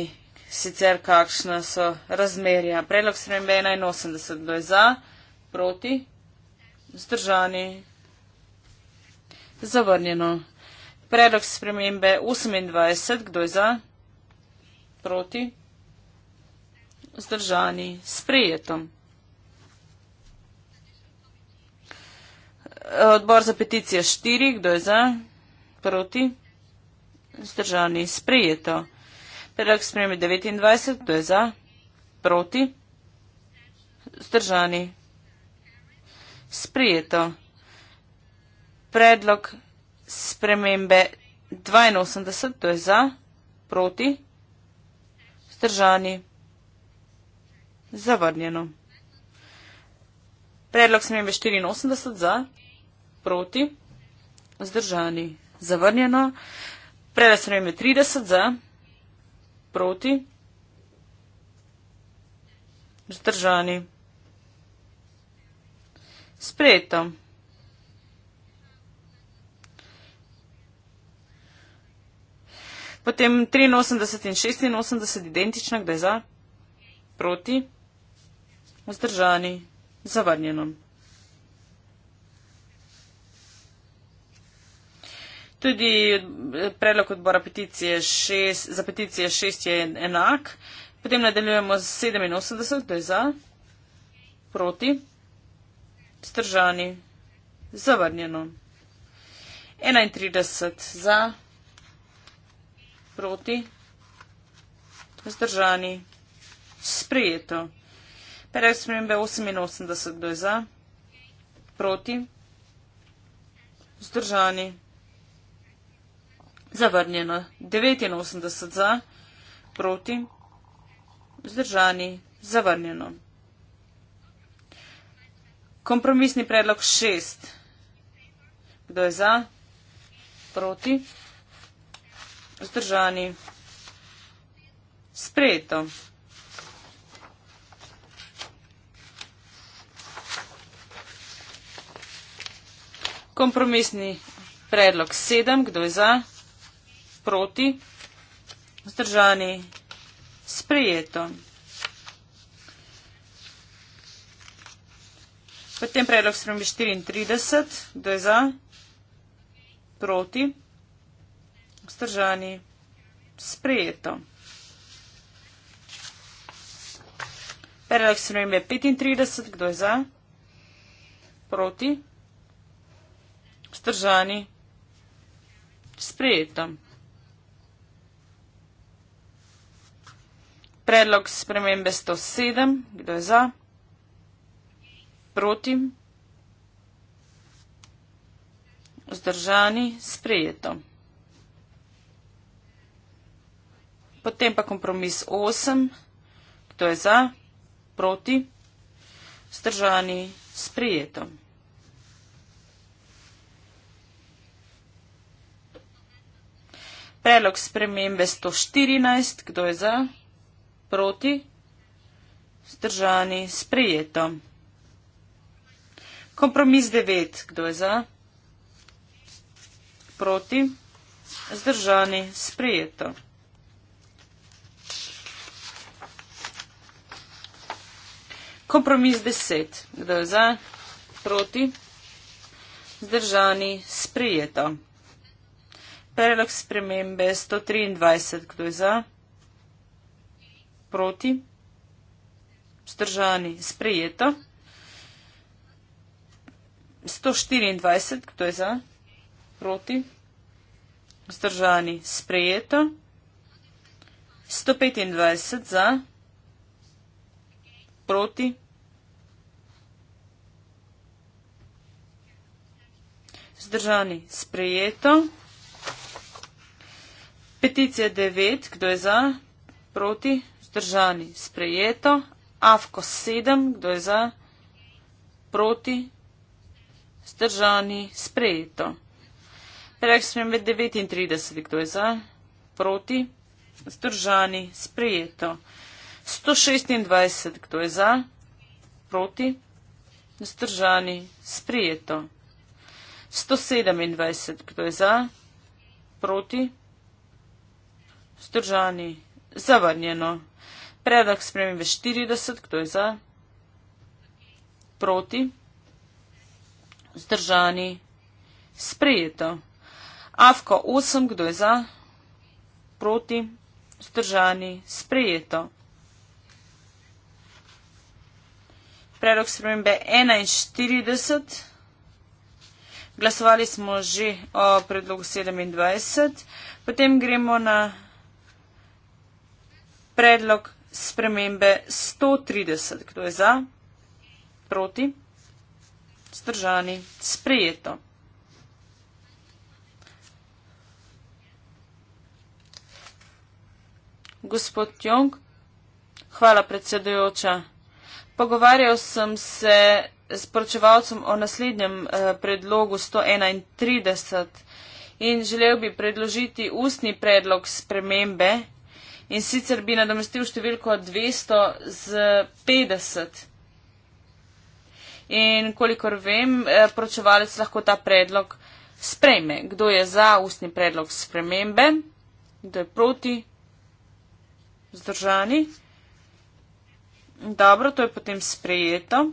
sicer kakšna so razmerja. Predlog spremembe 81, kdo je za, proti, vzdržani, zavrnjeno. Predlog spremembe 28, kdo je za, proti, vzdržani, sprejetom. Odbor za peticije štiri, kdo je za, proti, vzdržani, sprejeto. Predlog spremembe 29, kdo je za, proti, vzdržani, sprejeto. Predlog spremembe 82, kdo je za, proti, vzdržani. Vzdržani. Zavrnjeno. Predlog smembe 84 za. Proti. Vzdržani. Zavrnjeno. Predlog smembe 30 za. Proti. Vzdržani. Sprejeto. Potem 83 in 86 identična, kdaj za? Proti. Vzdržani. Zavrnjeno. Tudi eh, predlog odbora peticije 6, za peticije 6 je enak. Potem nadaljujemo z 87, kdaj za? Proti. Vzdržani. Zavrnjeno. 31 za proti, vzdržani, sprejeto. Predlog spremembe 88, kdo je za, proti, vzdržani, zavrnjeno. 89 za, proti, vzdržani, zavrnjeno. Kompromisni predlog 6, kdo je za, proti. Vzdržani. Sprejeto. Kompromisni predlog 7. Kdo je za? Proti. Vzdržani. Sprejeto. Potem predlog spremembe 34. Kdo je za? Proti. Vzdržani. Sprejeto. Predlog sprejem je 35. Kdo je za? Proti. Vzdržani. Sprejeto. Predlog spremembe 107. Kdo je za? Proti. Vzdržani. Sprejeto. Potem pa kompromis 8, kdo je za, proti, vzdržani, sprijeto. Predlog spremembe 114, kdo je za, proti, vzdržani, sprijeto. Kompromis 9, kdo je za, proti, vzdržani, sprijeto. kompromis besed. Kdo je za, proti, zdržani, sprijeto. Predlog spremembe 123. Kdo je za, proti, zdržani, sprijeto. 124. Kdo je za, proti, zdržani, sprijeto. 125 za, proti, Zdržani sprejeto. Peticija 9, kdo je za, proti, zdržani sprejeto. AFKO 7, kdo je za, proti, zdržani sprejeto. Rekli smo med 39, kdo je za, proti, zdržani sprejeto. 126, kdo je za, proti, zdržani sprejeto. 127, kdo je za, proti, vzdržani, zavrnjeno. Predlog spremembe 40, kdo je za, proti, vzdržani, sprejeto. Avko 8, kdo je za, proti, vzdržani, sprejeto. Predlog spremembe 41. Glasovali smo že o predlogu 27, potem gremo na predlog spremembe 130. Kdo je za? Proti? Zdržani? Sprejeto. Gospod Jong, hvala predsedujoča. Pogovarjal sem se sporočevalcem o naslednjem eh, predlogu 131 in želel bi predložiti ustni predlog spremembe in sicer bi nadomestil številko 200 z 50. In kolikor vem, eh, poročevalec lahko ta predlog sprejme. Kdo je za ustni predlog spremembe? Kdo je proti? Zdržani? Dobro, to je potem sprejeto.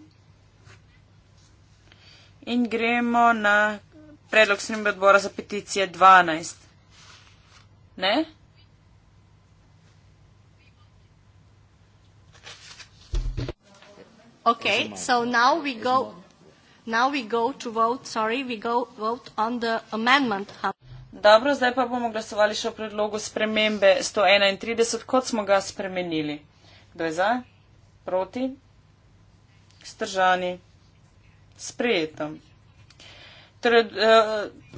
In gremo na predlog snimbe odbora za peticije 12. Ne? Okay, so now we go, now we go to vote, sorry, we go vote on the amendment. Dobro, zdaj pa bomo glasovali še o predlogu spremembe 131, kot smo ga spremenili. Kdo je za? Proti? Stržani? sprejeto. Torej, eh,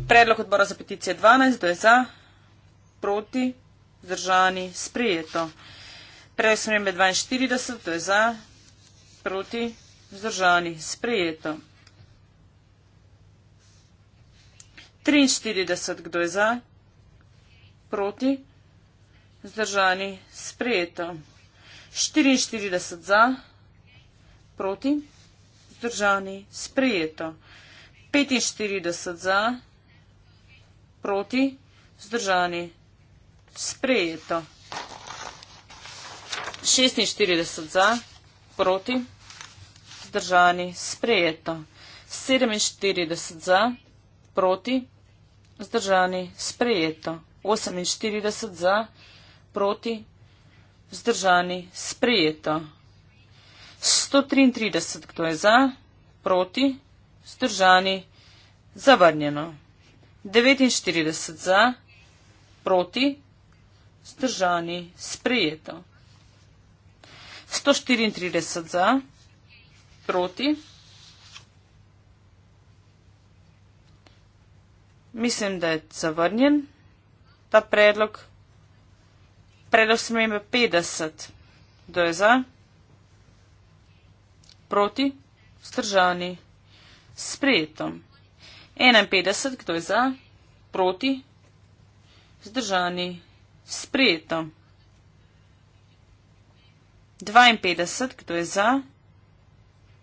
predlog odbora za peticije 12, da je za, proti, zdržani, sprejeto. Predlog smrembe 42, da je za, proti, zdržani, sprejeto. 43, kdo je za, proti, zdržani, sprejeto. 44 za, proti, zdržani vzdržani, sprejeto. 45 za, proti, vzdržani, sprejeto. 46 za, proti, vzdržani, sprejeto. 47 za, proti, vzdržani, sprejeto. 48 za, proti, vzdržani, sprejeto. 133, kdo je za, proti, vzdržani, zavrnjeno. 49 za, proti, vzdržani, sprejeto. 134 za, proti. Mislim, da je zavrnjen ta predlog. Predlog smembe 50, kdo je za. Proti? Stržani. Sprejeto. 51, kdo je za? Proti? Zdržani. Sprejeto. 52, kdo je za?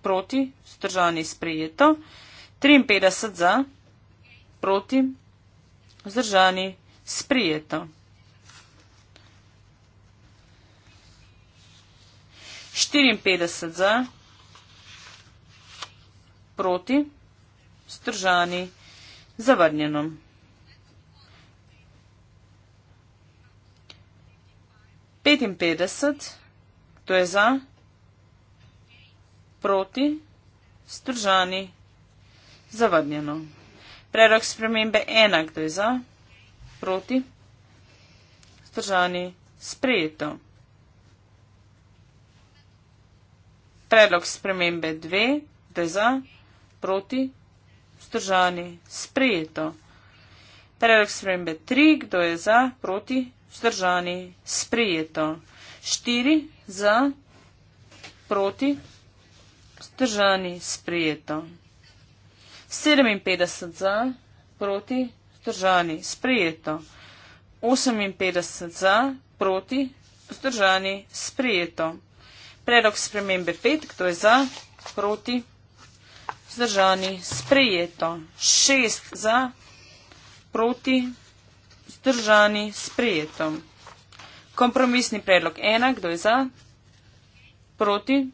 Proti? Zdržani. Sprejeto. 53 za? Proti? Zdržani. Sprejeto. 54 za? Proti? proti, stržani, zavrnjeno. Petinpetdeset, to je za, proti, stržani, zavrnjeno. Predlog spremembe enak, to je za, proti, stržani, sprejeto. Predlog spremembe dve, to je za, proti, stržani, zavrnjeno proti, vzdržani, sprejeto. Predlog spremembe 3, kdo je za, proti, vzdržani, sprejeto. 4, za, proti, vzdržani, sprejeto. 57 za, proti, vzdržani, sprejeto. 58 za, proti, vzdržani, sprejeto. Predlog spremembe 5, kdo je za, proti, vzdržani vzdržani, sprejeto, šest za, proti, vzdržani, sprejeto. Kompromisni predlog ena, kdo je za, proti,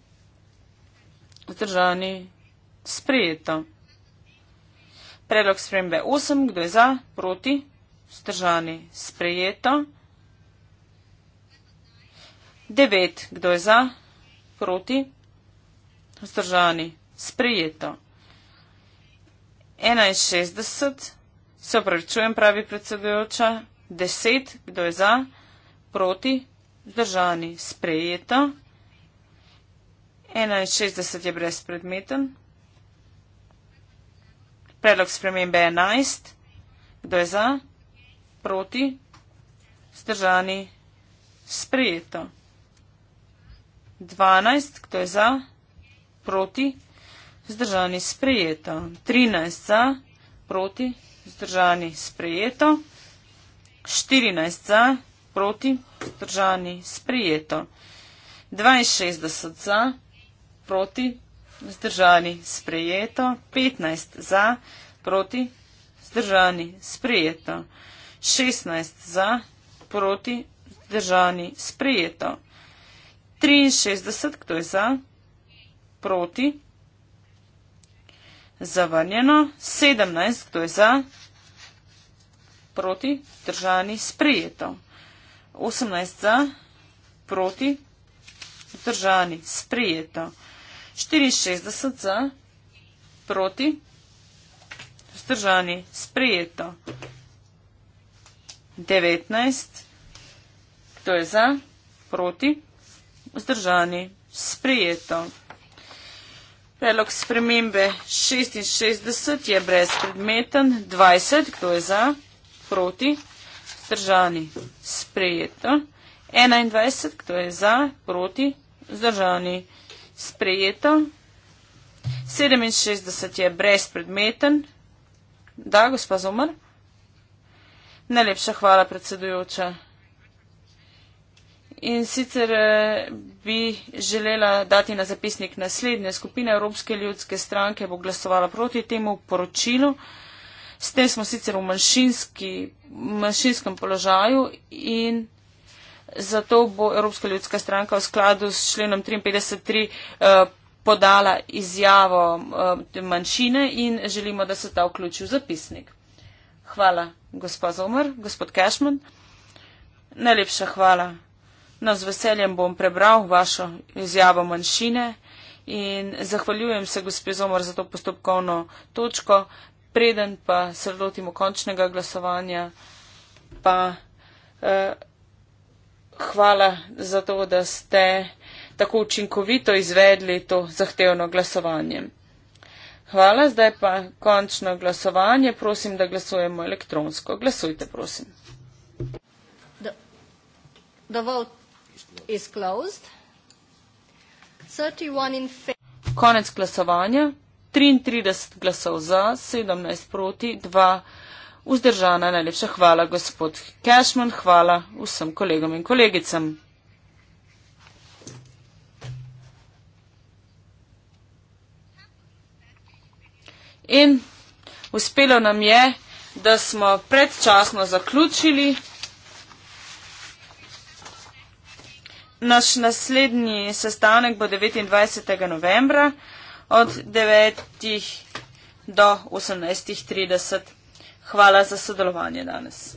vzdržani, sprejeto. Predlog spremembe 8, kdo je za, proti, vzdržani, sprejeto. 9, kdo je za, proti, vzdržani, sprejeto. 61, se opravičujem, pravi predsedujoča, 10, kdo je za, proti, vzdržani, sprejeta. 61 je brezpredmeten. Predlog spremembe 11, kdo je za, proti, vzdržani, sprejeta. 12, kdo je za, proti, vzdržani vzdržani sprejeto. 13 za, proti, vzdržani sprejeto. 14 za, proti, vzdržani sprejeto. 62 za, proti, vzdržani sprejeto. 15 za, proti, vzdržani sprejeto. 16 za, proti, vzdržani sprejeto. 63, kdo je za, proti, vzdržani sprejeto zavrnjeno, 17, kdo je za, proti, držani, sprejeto, 18 za, proti, držani, sprejeto, 64 za, proti, držani, sprejeto, 19, kdo je za, proti, Vzdržani, sprijeto. Predlog spremembe 66 je brezpredmeten, 20, kdo je za, proti, zdržani, sprejeto, 21, kdo je za, proti, zdržani, sprejeto, 67 je brezpredmeten, da, gospa Zomr. Najlepša hvala, predsedujoča. In sicer eh, bi želela dati na zapisnik naslednje. Skupina Evropske ljudske stranke bo glasovala proti temu poročilu. S tem smo sicer v manjšinskem položaju in zato bo Evropska ljudska stranka v skladu s členom 53.3 eh, podala izjavo eh, manjšine in želimo, da se ta vključi v zapisnik. Hvala, gospod Zomer, gospod Kešman. Najlepša hvala. No, z veseljem bom prebral vašo izjavo manjšine in zahvaljujem se, gospod Zomor, za to postopkovno točko. Preden pa se lotimo končnega glasovanja, pa eh, hvala za to, da ste tako učinkovito izvedli to zahtevno glasovanje. Hvala, zdaj pa končno glasovanje. Prosim, da glasujemo elektronsko. Glasujte, prosim. Dovolj. Do is closed. 31 in favor. Konec glasovanja. 33 glasov za, 17 proti, 2 vzdržana. Najlepša hvala, gospod Cashman. Hvala vsem kolegom in kolegicam. In uspelo nam je, da smo predčasno zaključili. Naš naslednji sestanek bo 29. novembra od 9. do 18.30. Hvala za sodelovanje danes.